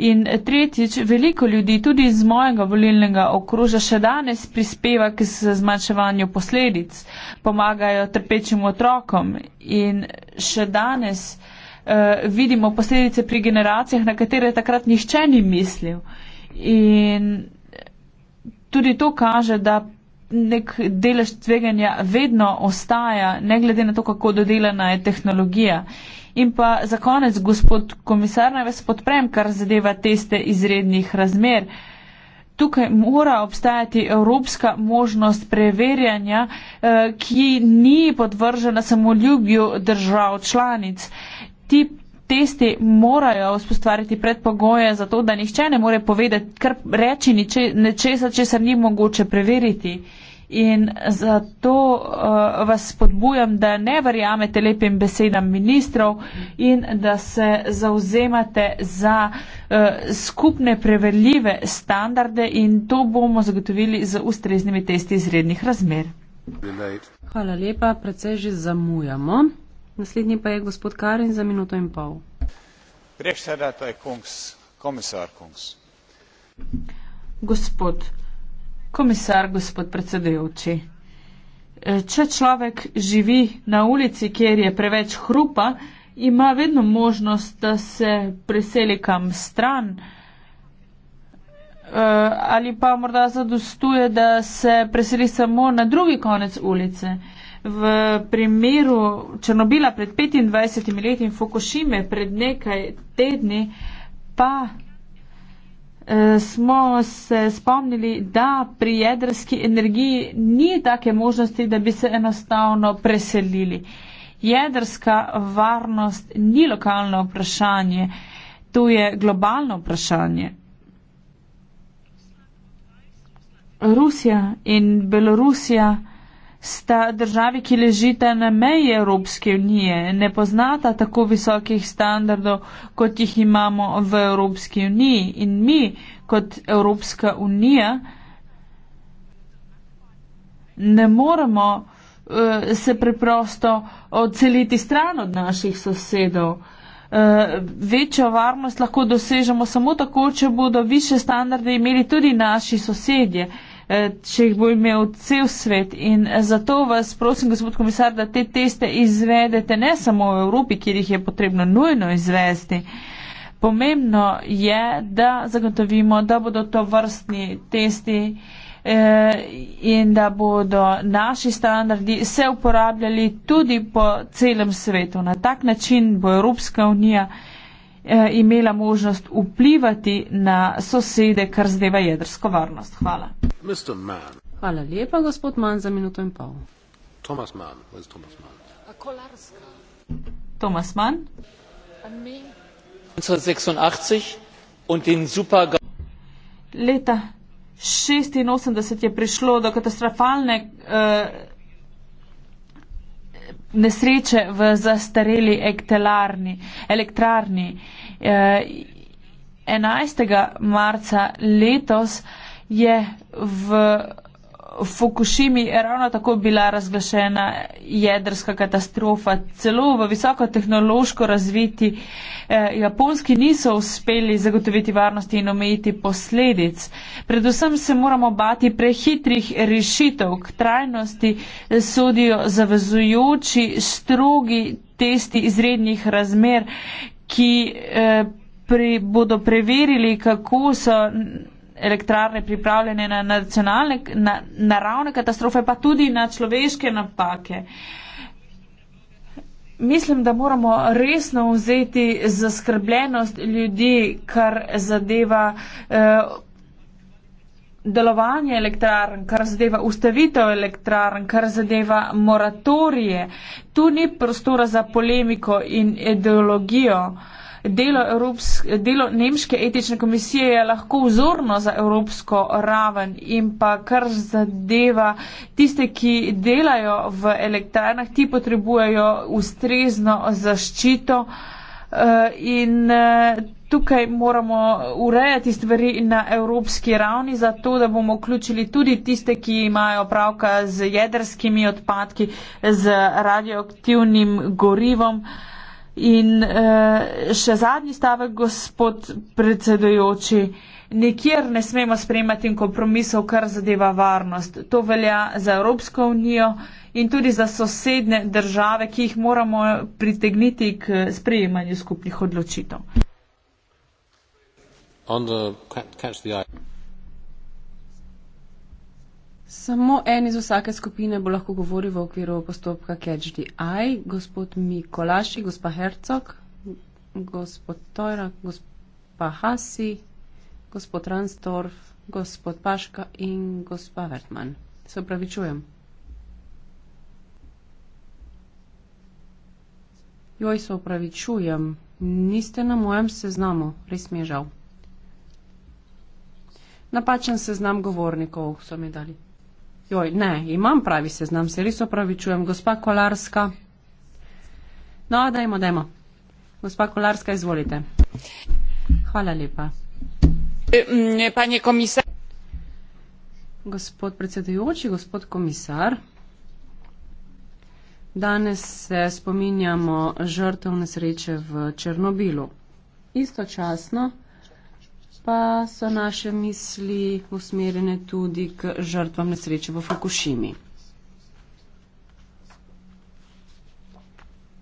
In tretjič, veliko ljudi tudi iz mojega volilnega okroža še danes prispeva k zmanjševanju posledic, pomagajo trpečim otrokom in še danes uh, vidimo posledice pri generacijah, na katere takrat nihče ni mislil. In tudi to kaže, da nek delež tveganja vedno ostaja, ne glede na to, kako dodelana je tehnologija. In pa za konec, gospod komisar, naj vas podprem, kar zadeva teste izrednih razmer. Tukaj mora obstajati evropska možnost preverjanja, eh, ki ni podvržena samoljubju držav članic. Ti testi morajo vzpostaviti predpogoje za to, da nihče ne more povedati, kar reči niče, nečesa, česar ni mogoče preveriti. In zato uh, vas spodbujam, da ne verjamete lepim besedam ministrov in da se zauzemate za uh, skupne preveljive standarde in to bomo zagotovili z ustreznimi testi izrednih razmer. Hvala lepa, predvsej že zamujamo. Naslednji pa je gospod Karin za minuto in pol. Gospod komisar, gospod predsedujoči, e, če človek živi na ulici, kjer je preveč hrupa, ima vedno možnost, da se preseli kam stran e, ali pa morda zadostuje, da se preseli samo na drugi konec ulice v primeru Černobila pred 25 leti in Fukushime pred nekaj tedni, pa eh, smo se spomnili, da pri jedrski energiji ni take možnosti, da bi se enostavno preselili. Jedrska varnost ni lokalno vprašanje, to je globalno vprašanje. Rusija in Belorusija sta državi, ki ležita na meji Evropske unije, ne poznata tako visokih standardov, kot jih imamo v Evropski uniji in mi kot Evropska unija ne moramo uh, eh, se preprosto odseliti stran od naših sosedov. Uh, večjo varnost lahko dosežemo samo tako, če bodo više standarde imeli tudi naši sosedje. Uh, Eh, če jih bo imel cel svet. In eh, zato vas prosim, gospod komisar, da te teste izvedete ne samo v Evropi, kjer jih je potrebno nujno izvesti. Pomembno je, da zagotovimo, da bodo to vrstni testi eh, in da bodo naši standardi se uporabljali tudi po celem svetu. Na tak način bo Evropska unija imela možnost vplivati na sosede, kar zdeva jedrsko varnost. Hvala. Mr. Mann. Hvala lepa, gospod Mann, za minuto in pol. Thomas Mann, kje je Thomas Mann? Kolarska. Thomas Mann. 1986 in den super. Leta 86 je prišlo do katastrofalne uh, nesreče v zastareli ektelarni, elektrarni. Uh, eh, 11. marca letos je v Fukushimi ravno tako bila razglašena jedrska katastrofa. Celo v visokotehnološko razviti eh, Japonski niso uspeli zagotoviti varnosti in omejiti posledic. Predvsem se moramo bati prehitrih rešitev. K trajnosti sodijo zavezujoči, strogi testi izrednih razmer, ki eh, pri, bodo preverili, kako so elektrarne pripravljene na nacionalne, na, naravne katastrofe, pa tudi na človeške napake. Mislim, da moramo resno vzeti zaskrbljenost ljudi, kar zadeva eh, delovanje elektrarn, kar zadeva ustavitev elektrarn, kar zadeva moratorije. Tu ni prostora za polemiko in ideologijo. Eh, Delo, Evropske, delo Nemške etične komisije je lahko vzorno za evropsko raven in pa kar zadeva tiste, ki delajo v elektrarnah, ti potrebujejo ustrezno zaščito eh, in eh, tukaj moramo urejati stvari na evropski ravni, zato da bomo vključili tudi tiste, ki imajo pravka z jedrskimi odpadki, z radioaktivnim gorivom. In uh, še zadnji stavek, gospod predsedujoči. Nikjer ne smemo sprejemati kompromisov, kar zadeva varnost. To velja za Evropsko unijo in tudi za sosedne države, ki jih moramo pritegniti k sprejemanju skupnih odločitev. Samo en iz vsake skupine bo lahko govoril v okviru postopka Catch the Eye, gospod Mikolaši, gospa Hercog, gospod Tojra, gospa Hasi, gospod Ransdorf, gospod Paška in gospa Vertman. Se upravičujem. Joj, se upravičujem, niste na mojem seznamu, res mi je žal. Napačen seznam govornikov so mi dali. Joj, ne, imam pravi seznam, se res opravičujem. Gospa Kolarska. No, dajmo, dajmo. Gospa Kolarska, izvolite. Hvala lepa. Panje komisar. Gospod predsedujoči, gospod komisar. Danes se spominjamo žrtev nesreče v Černobilu. Istočasno pa so naše misli usmerjene tudi k žrtvam nesreče v Fukushimi.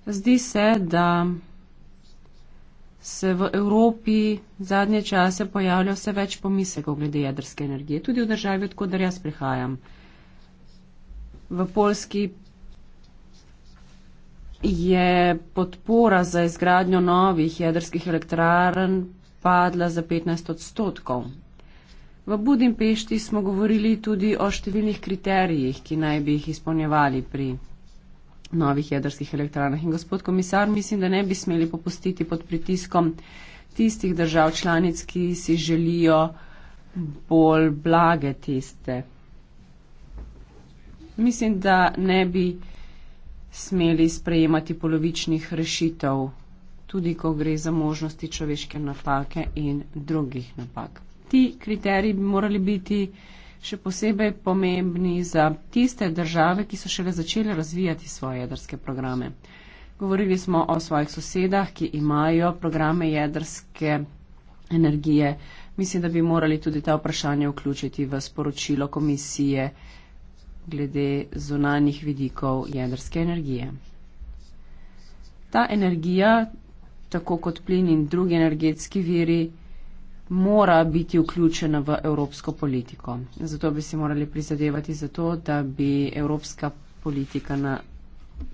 Zdi se, da se v Evropi zadnje čase pojavlja vse več pomisekov glede jedrske energije, tudi v državi, odkudar jaz prihajam. V Polski je podpora za izgradnjo novih jedrskih elektrarn padla za 15 odstotkov. V Budimpešti smo govorili tudi o številnih kriterijih, ki naj bi jih izpolnjevali pri novih jedrskih elektrarnah. In gospod komisar, mislim, da ne bi smeli popustiti pod pritiskom tistih držav članic, ki si želijo bolj blage tiste. Mislim, da ne bi smeli sprejemati polovičnih rešitev tudi ko gre za možnosti človeške napake in drugih napak. Ti kriteriji bi morali biti še posebej pomembni za tiste države, ki so šele začele razvijati svoje jedrske programe. Govorili smo o svojih sosedah, ki imajo programe jedrske energije. Mislim, da bi morali tudi ta vprašanja vključiti v sporočilo komisije glede zunanjih vidikov jedrske energije. Ta energija tako kot plin in drugi energetski viri, mora biti vključena v evropsko politiko. Zato bi si morali prizadevati za to, da bi evropska politika na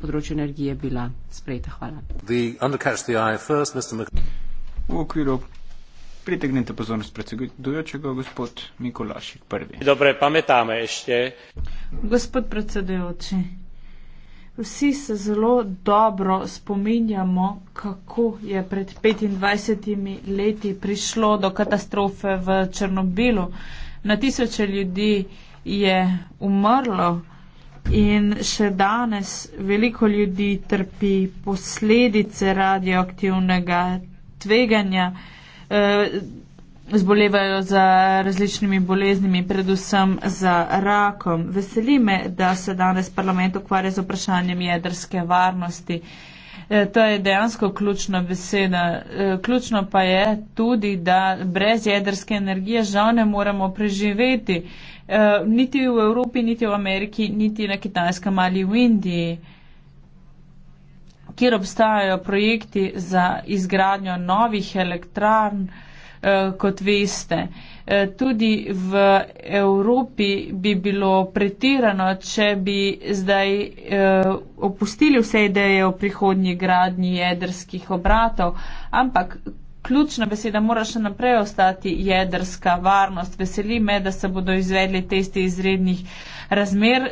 področju energije bila sprejeta. Hvala. V okviru pritegnite pozornost predsedujočega, gospod Mikolašik prvi. Dobro, pametame še. Gospod predsedujoči. Vsi se zelo dobro spominjamo, kako je pred 25 leti prišlo do katastrofe v Černobilu. Na tisoče ljudi je umrlo in še danes veliko ljudi trpi posledice radioaktivnega tveganja. E, zbolevajo za različnimi boleznimi, predvsem za rakom. Veseli me, da se danes parlament ukvarja z vprašanjem jedrske varnosti. E, to je dejansko ključna beseda. E, ključno pa je tudi, da brez jedrske energije žal ne moramo preživeti. E, niti v Evropi, niti v Ameriki, niti na Kitajskem ali v Indiji kjer obstajajo projekti za izgradnjo novih elektrarn, Eh, kot veste. Eh, tudi v Evropi bi bilo pretirano, če bi zdaj eh, opustili vse ideje o prihodnji gradnji jedrskih obratov, ampak ključna beseda mora še naprej ostati jedrska varnost. Veseli me, da se bodo izvedli testi izrednih razmer,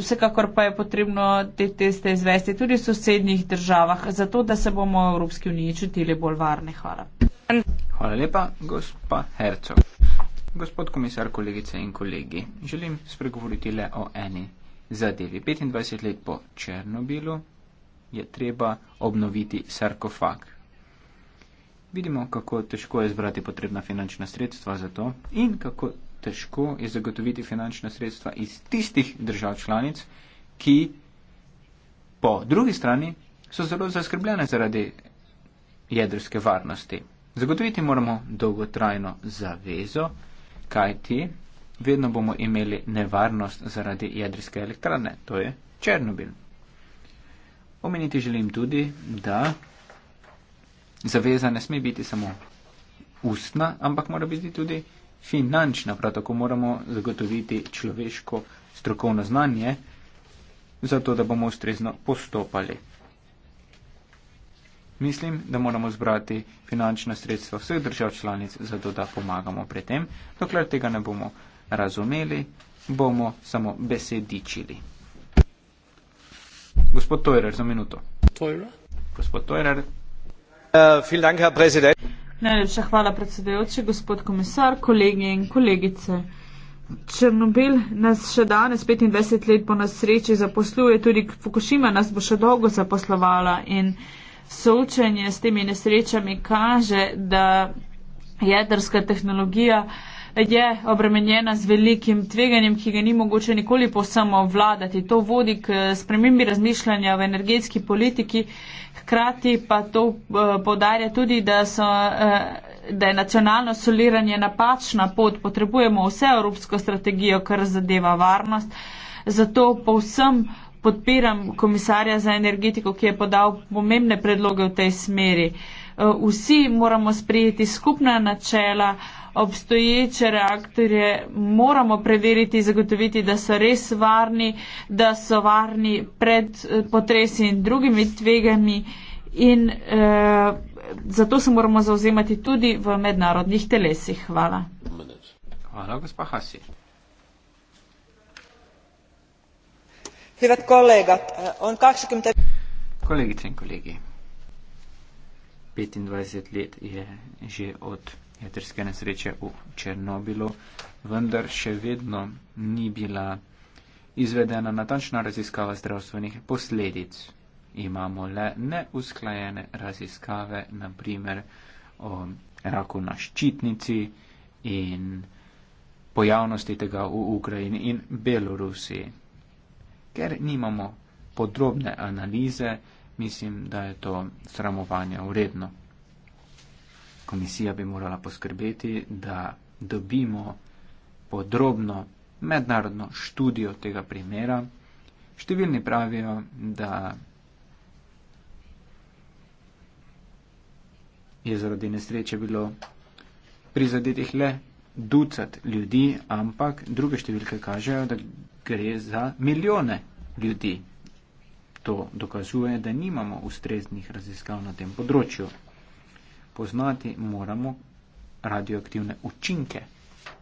vsekakor pa je potrebno te teste izvesti tudi v sosednjih državah, zato da se bomo v Evropski uniji čutili bolj varne. Hvala dan. Hvala lepa, gospa Hercog. Gospod komisar, kolegice in kolegi, želim spregovoriti le o eni zadevi. 25 let po Černobilu je treba obnoviti sarkofag. Vidimo, kako težko je zbrati potrebna finančna sredstva za to in kako težko je zagotoviti finančna sredstva iz tistih držav članic, ki po drugi strani so zelo zaskrbljene zaradi jedrske varnosti. Zagotoviti moramo dolgotrajno zavezo, kajti vedno bomo imeli nevarnost zaradi jedrske elektrane, to je Černobil. Omeniti želim tudi, da zaveza ne sme biti samo ustna, ampak mora biti tudi finančna. Prav tako moramo zagotoviti človeško strokovno znanje, zato da bomo ustrezno postopali. Mislim, da moramo zbrati finančna sredstva vseh držav članic, zato da pomagamo pri tem. Dokler tega ne bomo razumeli, bomo samo besedičili. Gospod Toirer, za minuto. Gospod Toirer. Uh, ja, Najlepša hvala, predsedajoči, gospod komisar, kolegi in kolegice. Černobil nas še danes, 25 let po nasreči, zaposluje, tudi Fukushima nas bo še dolgo zaposlovala soočanje s temi nesrečami kaže, da jedrska tehnologija je obremenjena z velikim tveganjem, ki ga ni mogoče nikoli posamo vladati. To vodi k spremembi razmišljanja v energetski politiki, hkrati pa to eh, podarja tudi, da, so, eh, da je nacionalno soliranje napačna pot. Potrebujemo vse evropsko strategijo, kar zadeva varnost. Zato povsem podpiram komisarja za energetiko, ki je podal pomembne predloge v tej smeri. Eh, vsi moramo sprejeti skupna načela, obstoječe reaktorje moramo preveriti, zagotoviti, da so res varni, da so varni pred eh, potresi in drugimi tvegami in eh, zato se moramo zauzemati tudi v mednarodnih telesih. Hvala. Hvala, gospod Hasi. hyvät kollegat, on 20... Kollegit ja kollegi. 25 let je že od jedrske nesreče v Černobilu, vendar še vedno ni bila izvedena natančna raziskava zdravstvenih posledic. Imamo le neusklajene raziskave, na primer o raku na ščitnici in pojavnosti tega v Ukrajini in Belorusiji ker nimamo podrobne analize, mislim, da je to sramovanje uredno. Komisija bi morala poskrbeti, da dobimo podrobno mednarodno študijo tega primera. Številni pravijo, da je zaradi nesreče bilo prizadetih le ducat ljudi, ampak druge številke kažejo, da gre za milijone ljudi. To dokazuje, da nimamo ustreznih raziskav na tem področju. Poznati moramo radioaktivne učinke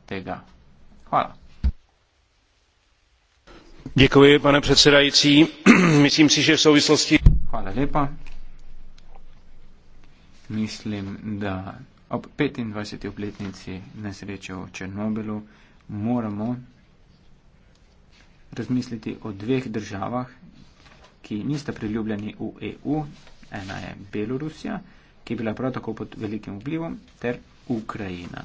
tega. Hvala. Děkuji, pane předsedající. Myslím si, že v souvislosti. Hvala lepa. Mislim, da ob 25. obletnici nesreče v Černobilu moramo razmisliti o dveh državah, ki nista priljubljeni v EU. Ena je Belorusija, ki je bila prav tako pod velikim vplivom, ter Ukrajina.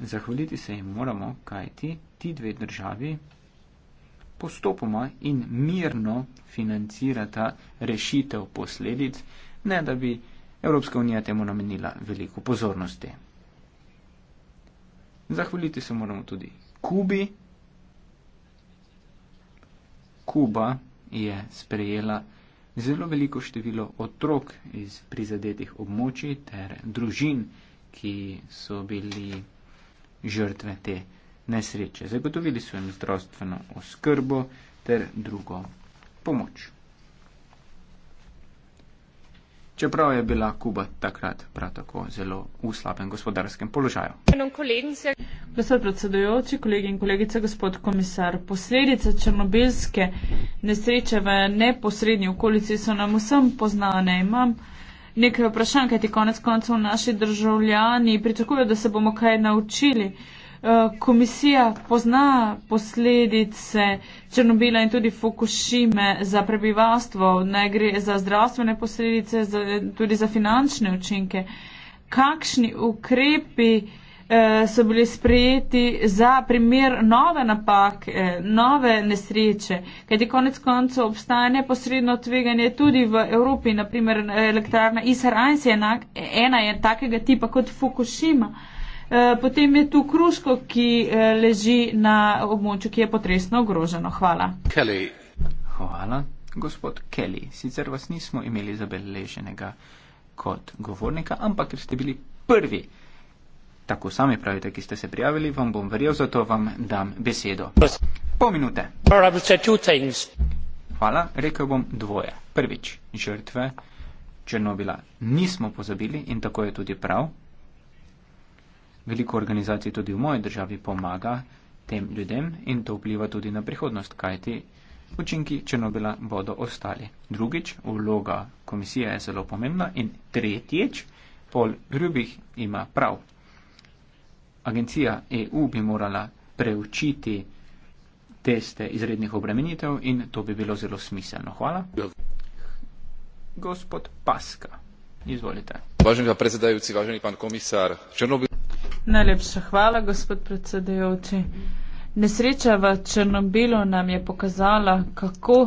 Zahvaliti se jim moramo, kajti ti dve državi postopoma in mirno financirata rešitev posledic, ne da bi Evropska unija temu namenila veliko pozornosti. Zahvaliti se moramo tudi Kubi, Kuba je sprejela zelo veliko število otrok iz prizadetih območij ter družin, ki so bili žrtve te nesreče. Zagotovili so jim zdravstveno oskrbo ter drugo pomoč. Čeprav je bila Kuba takrat prav tako zelo v slabem gospodarskem položaju. Gospod predsedujoči, kolegi in kolegice, gospod komisar, posledice črnobilske nesreče v neposrednji okolici so nam vsem poznane. Imam nekaj vprašanj, kajti konec koncev naši državljani pričakujejo, da se bomo kaj naučili. Eh, komisija pozna posledice Černobila in tudi Fukushime za prebivalstvo, naj gre za zdravstvene posledice, za, tudi za finančne učinke. Kakšni ukrepi Eh, so bili sprejeti za primer nove napake, eh, nove nesreče, kajti konec koncev obstane posredno tveganje tudi v Evropi, naprimer eh, elektrarna Israels je enak, ena je takega tipa kot Fukushima. Potem je tu kruško, ki leži na območju, ki je potresno ogroženo. Hvala. Kelly. Hvala. Gospod Kelly, sicer vas nismo imeli zabeleženega kot govornika, ampak ker ste bili prvi tako sami pravite, ki ste se prijavili, vam bom verjel, zato vam dam besedo. Pol minute. Hvala, rekel bom dvoje. Prvič, žrtve Černobila nismo pozabili in tako je tudi prav. Veliko organizacij tudi v moji državi pomaga tem ljudem in to vpliva tudi na prihodnost, kajti učinki Černobila bodo ostali. Drugič, vloga komisije je zelo pomembna in tretjič, pol grubih ima prav. Agencija EU bi morala preučiti teste izrednih obremenitev in to bi bilo zelo smiselno. Hvala. Gospod Paska, izvolite. Važnega predsedajoci, važni pan komisar Črnobil. Najlepša hvala, gospod predsedajoči. Nesreča v Črnobilu nam je pokazala, kako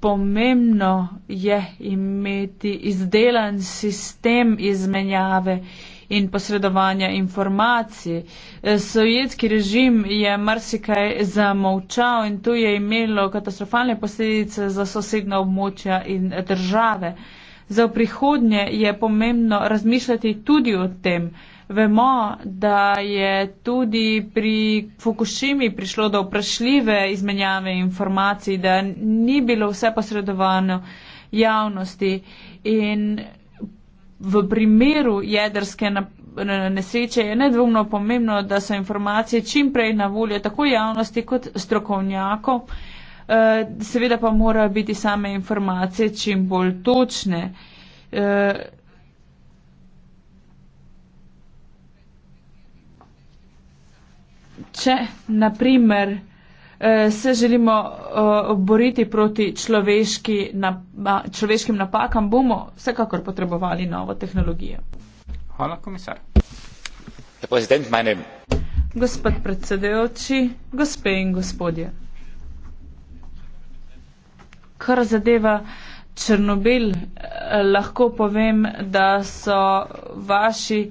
pomembno je imeti izdelan sistem izmenjave in posredovanja informacij. Eh, sovjetski režim je marsikaj zamovčal in to je imelo katastrofalne posledice za sosedna območja in države. Za prihodnje je pomembno razmišljati tudi o tem. Vemo, da je tudi pri Fukushimi prišlo do vprašljive izmenjave informacij, da ni bilo vse posredovano javnosti in v primeru jedrske nesreče je nedvomno pomembno, da so informacije čim prej na voljo tako javnosti kot strokovnjako. Eh, seveda pa morajo biti same informacije čim bolj točne. Eh, če, na primer, Eh, se želimo eh, boriti proti človeški, na, človeškim napakam, bomo vsekakor potrebovali novo tehnologijo. Hvala, komisar. Gospod predsedujoči, gospe in gospodje. Kar zadeva Črnobil, eh, lahko povem, da so vaši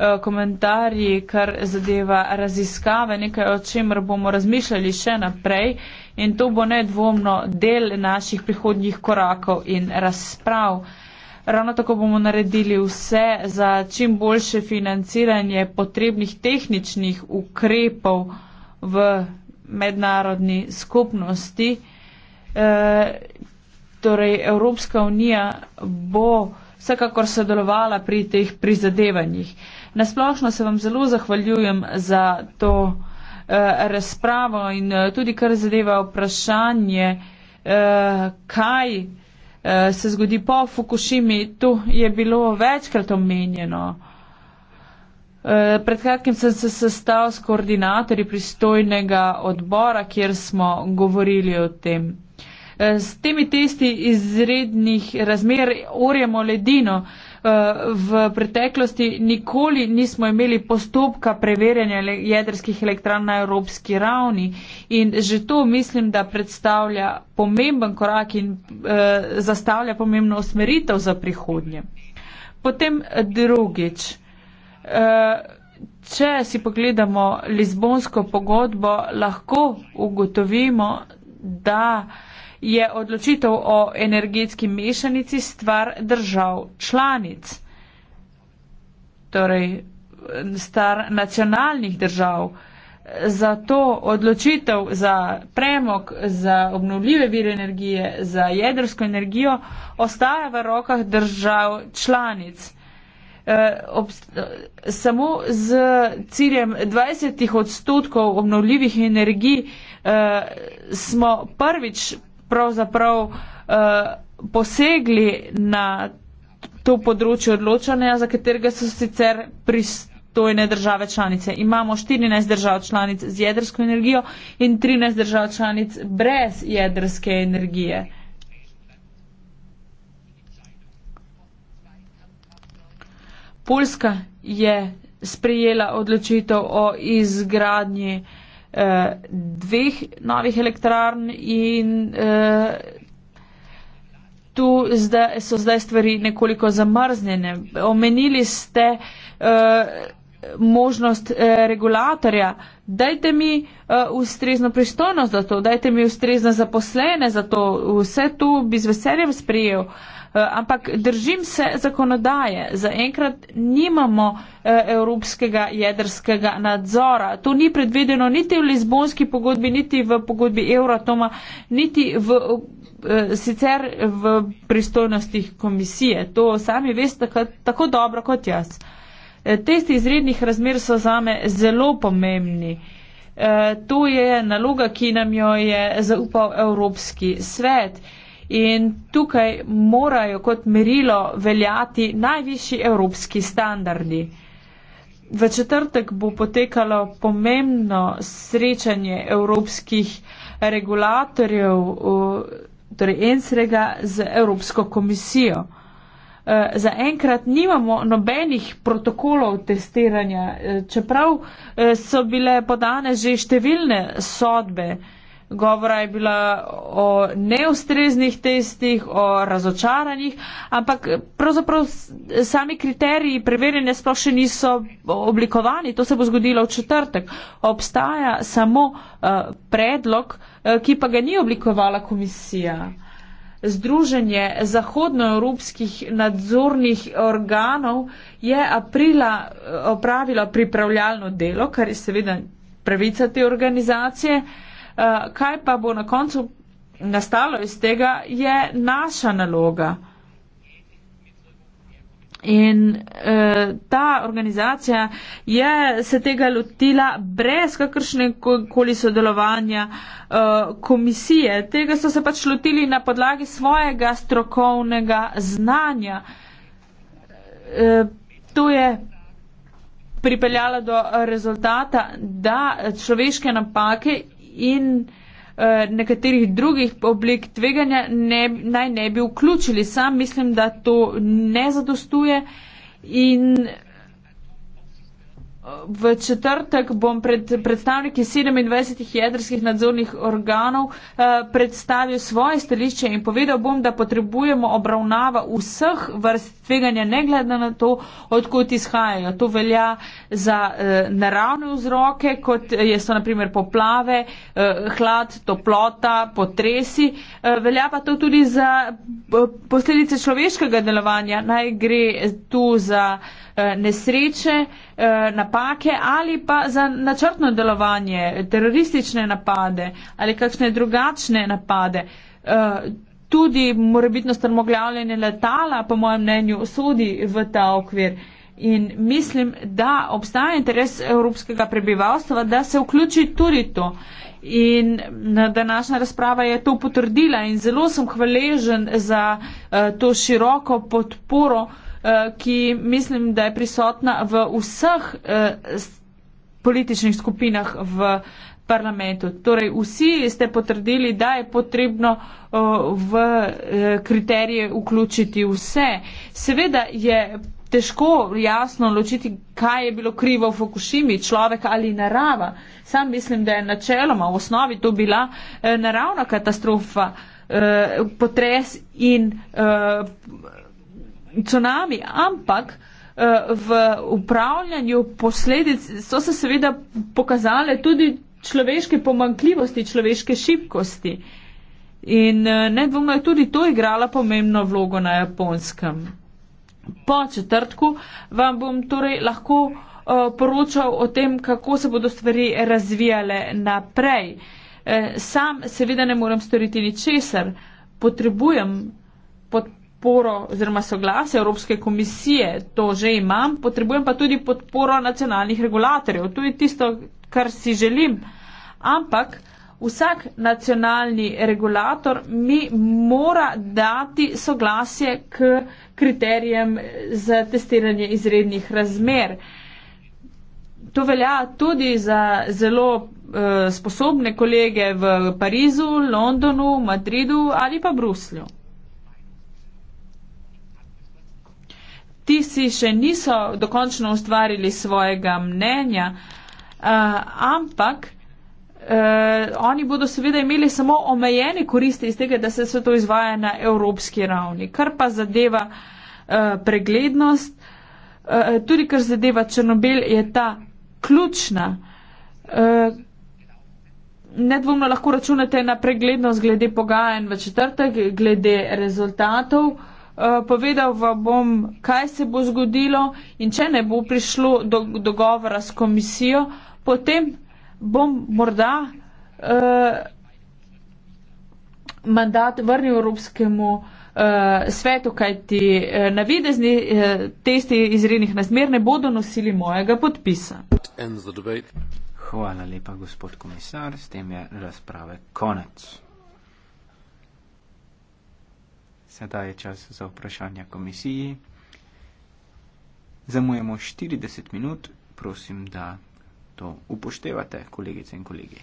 Eh, komentarji, kar zadeva raziskave, nekaj o čemer bomo razmišljali še naprej in to bo nedvomno del naših prihodnjih korakov in razprav. Ravno tako bomo naredili vse za čim boljše financiranje potrebnih tehničnih ukrepov v mednarodni skupnosti. E, torej Evropska unija bo vsekakor sodelovala pri teh prizadevanjih. Nasplošno se vam zelo zahvaljujem za to uh, razpravo in uh, tudi kar zadeva vprašanje, uh, kaj uh, se zgodi po Fukushimi, tu je bilo večkrat omenjeno. Pred kratkim sem se sestal s koordinatorji pristojnega odbora, kjer smo govorili o tem. S temi testi izrednih razmer orjemo ledino, Eh, v preteklosti nikoli nismo imeli postopka preverjanja jedrskih elektran na evropski ravni in že to mislim, da predstavlja pomemben korak in uh, zastavlja pomembno usmeritev za prihodnje. Potem eh, drugič. Uh, če si pogledamo Lizbonsko pogodbo, lahko ugotovimo, da uh, je odločitev o energetski mešanici stvar držav članic, torej star nacionalnih držav. Zato odločitev za premog, za obnovljive vire energije, za jedrsko energijo ostaja v rokah držav članic. E, samo z ciljem 20 odstotkov obnovljivih energij e, smo prvič pravzaprav uh, posegli na to področje odločanja, za katerega so sicer pristojne države članice. Imamo 14 držav članic z jedrsko energijo in 13 držav članic brez jedrske energije. Poljska je sprejela odločitev o izgradnji uh, Eh, dveh novih elektrarn in eh, tu so zdaj stvari nekoliko zamrznjene. Omenili ste eh, možnost regulatorja. Dajte mi ustrezno pristojnost za to, dajte mi ustrezne zaposlene za to. Vse to bi z veseljem sprijel. Eh, ampak držim se zakonodaje. Zaenkrat nimamo eh, evropskega jedrskega nadzora. To ni predvedeno niti v Lizbonski pogodbi, niti v pogodbi Euratoma, niti v, eh, sicer v pristojnostih komisije. To sami veste tako, tako dobro kot jaz. Testi izrednih razmer so zame zelo pomembni. To je naloga, ki nam jo je zaupal Evropski svet in tukaj morajo kot merilo veljati najvišji evropski standardi. V četrtek bo potekalo pomembno srečanje evropskih regulatorjev, torej ENSREGA, z Evropsko komisijo. E, Za enkrat nimamo nobenih protokolov testiranja, e, čeprav e, so bile podane že številne sodbe govora je bila o neustreznih testih, o razočaranjih, ampak pravzaprav sami kriteriji preverjanja sploh še niso oblikovani. To se bo zgodilo v četrtek. Obstaja samo uh, predlog, uh, ki pa ga ni oblikovala komisija. Združenje zahodnoevropskih nadzornih organov je aprila eh, opravilo pripravljalno delo, kar je seveda pravica te organizacije. Uh, Eh, kaj pa bo na koncu nastalo iz tega, je naša naloga. In eh, ta organizacija je se tega lotila brez kakršne koli sodelovanja eh, komisije. Tega so se pač lotili na podlagi svojega strokovnega znanja. Eh, to je pripeljalo do rezultata, da človeške napake in uh, nekaterih drugih oblik tveganja ne, naj ne bi vključili. Sam mislim, da to ne zadostuje in V četrtek bom pred predstavniki 27 jedrskih nadzornih organov eh, predstavil svoje stališče in povedal bom, da potrebujemo obravnava vseh vrst tveganja, ne glede na to, odkot izhajajo. To velja za eh, naravne vzroke, kot so naprimer poplave, eh, hlad, toplota, potresi. Velja pa to tudi za posledice človeškega delovanja. Naj gre tu za. Eh, nesreče, eh, napake ali pa za načrtno delovanje, teroristične napade ali kakšne drugačne napade. Eh, tudi morebitno strmoglavljanje letala, po mojem mnenju, sodi v ta okvir. In mislim, da obstaja interes evropskega prebivalstva, da se vključi tudi to. In današnja razprava je to potrdila in zelo sem hvaležen za uh, to široko podporo uh, Eh, ki mislim, da je prisotna v vseh eh, političnih skupinah v parlamentu. Torej, vsi ste potrdili, da je potrebno eh, v kriterije vključiti vse. Seveda je težko jasno ločiti, kaj je bilo krivo v Fukushimi, človek ali narava. Sam mislim, da je načeloma v osnovi to bila naravna katastrofa, potres in tsunami, ampak eh, v upravljanju posledic so se seveda pokazale tudi človeške pomankljivosti, človeške šibkosti. In eh, nedvomno je tudi to igrala pomembno vlogo na japonskem. Po četrtku vam bom torej lahko eh, poročal o tem, kako se bodo stvari razvijale naprej. Sam seveda ne morem storiti ničesar, potrebujem podpor podporo oziroma soglas Evropske komisije, to že imam, potrebujem pa tudi podporo nacionalnih regulatorjev. To je tisto, kar si želim. Ampak vsak nacionalni regulator mi mora dati soglasje k kriterijem za testiranje izrednih razmer. To velja tudi za zelo eh, sposobne kolege v Parizu, Londonu, Madridu ali pa Bruslju. tisti še niso dokončno ustvarili svojega mnenja, uh, ampak uh, oni bodo seveda imeli samo omejene koristi iz tega, da se vse to izvaja na evropski ravni. Kar pa zadeva uh, preglednost, uh, tudi kar zadeva Črnobel, je ta ključna. Uh, Nedvomno lahko računate na preglednost glede pogajanj v četrtek, glede rezultatov. Uh, Eh, povedal vam bom, kaj se bo zgodilo in če ne bo prišlo do dogovora s komisijo, potem bom morda uh, mandat vrnil Evropskemu uh, svetu, kaj ti uh, navidezni uh, testi izrednih nasmer ne bodo nosili mojega podpisa. Hvala lepa, gospod komisar. S tem je razprave konec. Sedaj je čas za vprašanja komisiji. Zamujamo 40 minut, prosim, da to upoštevate, kolegice in kolegi.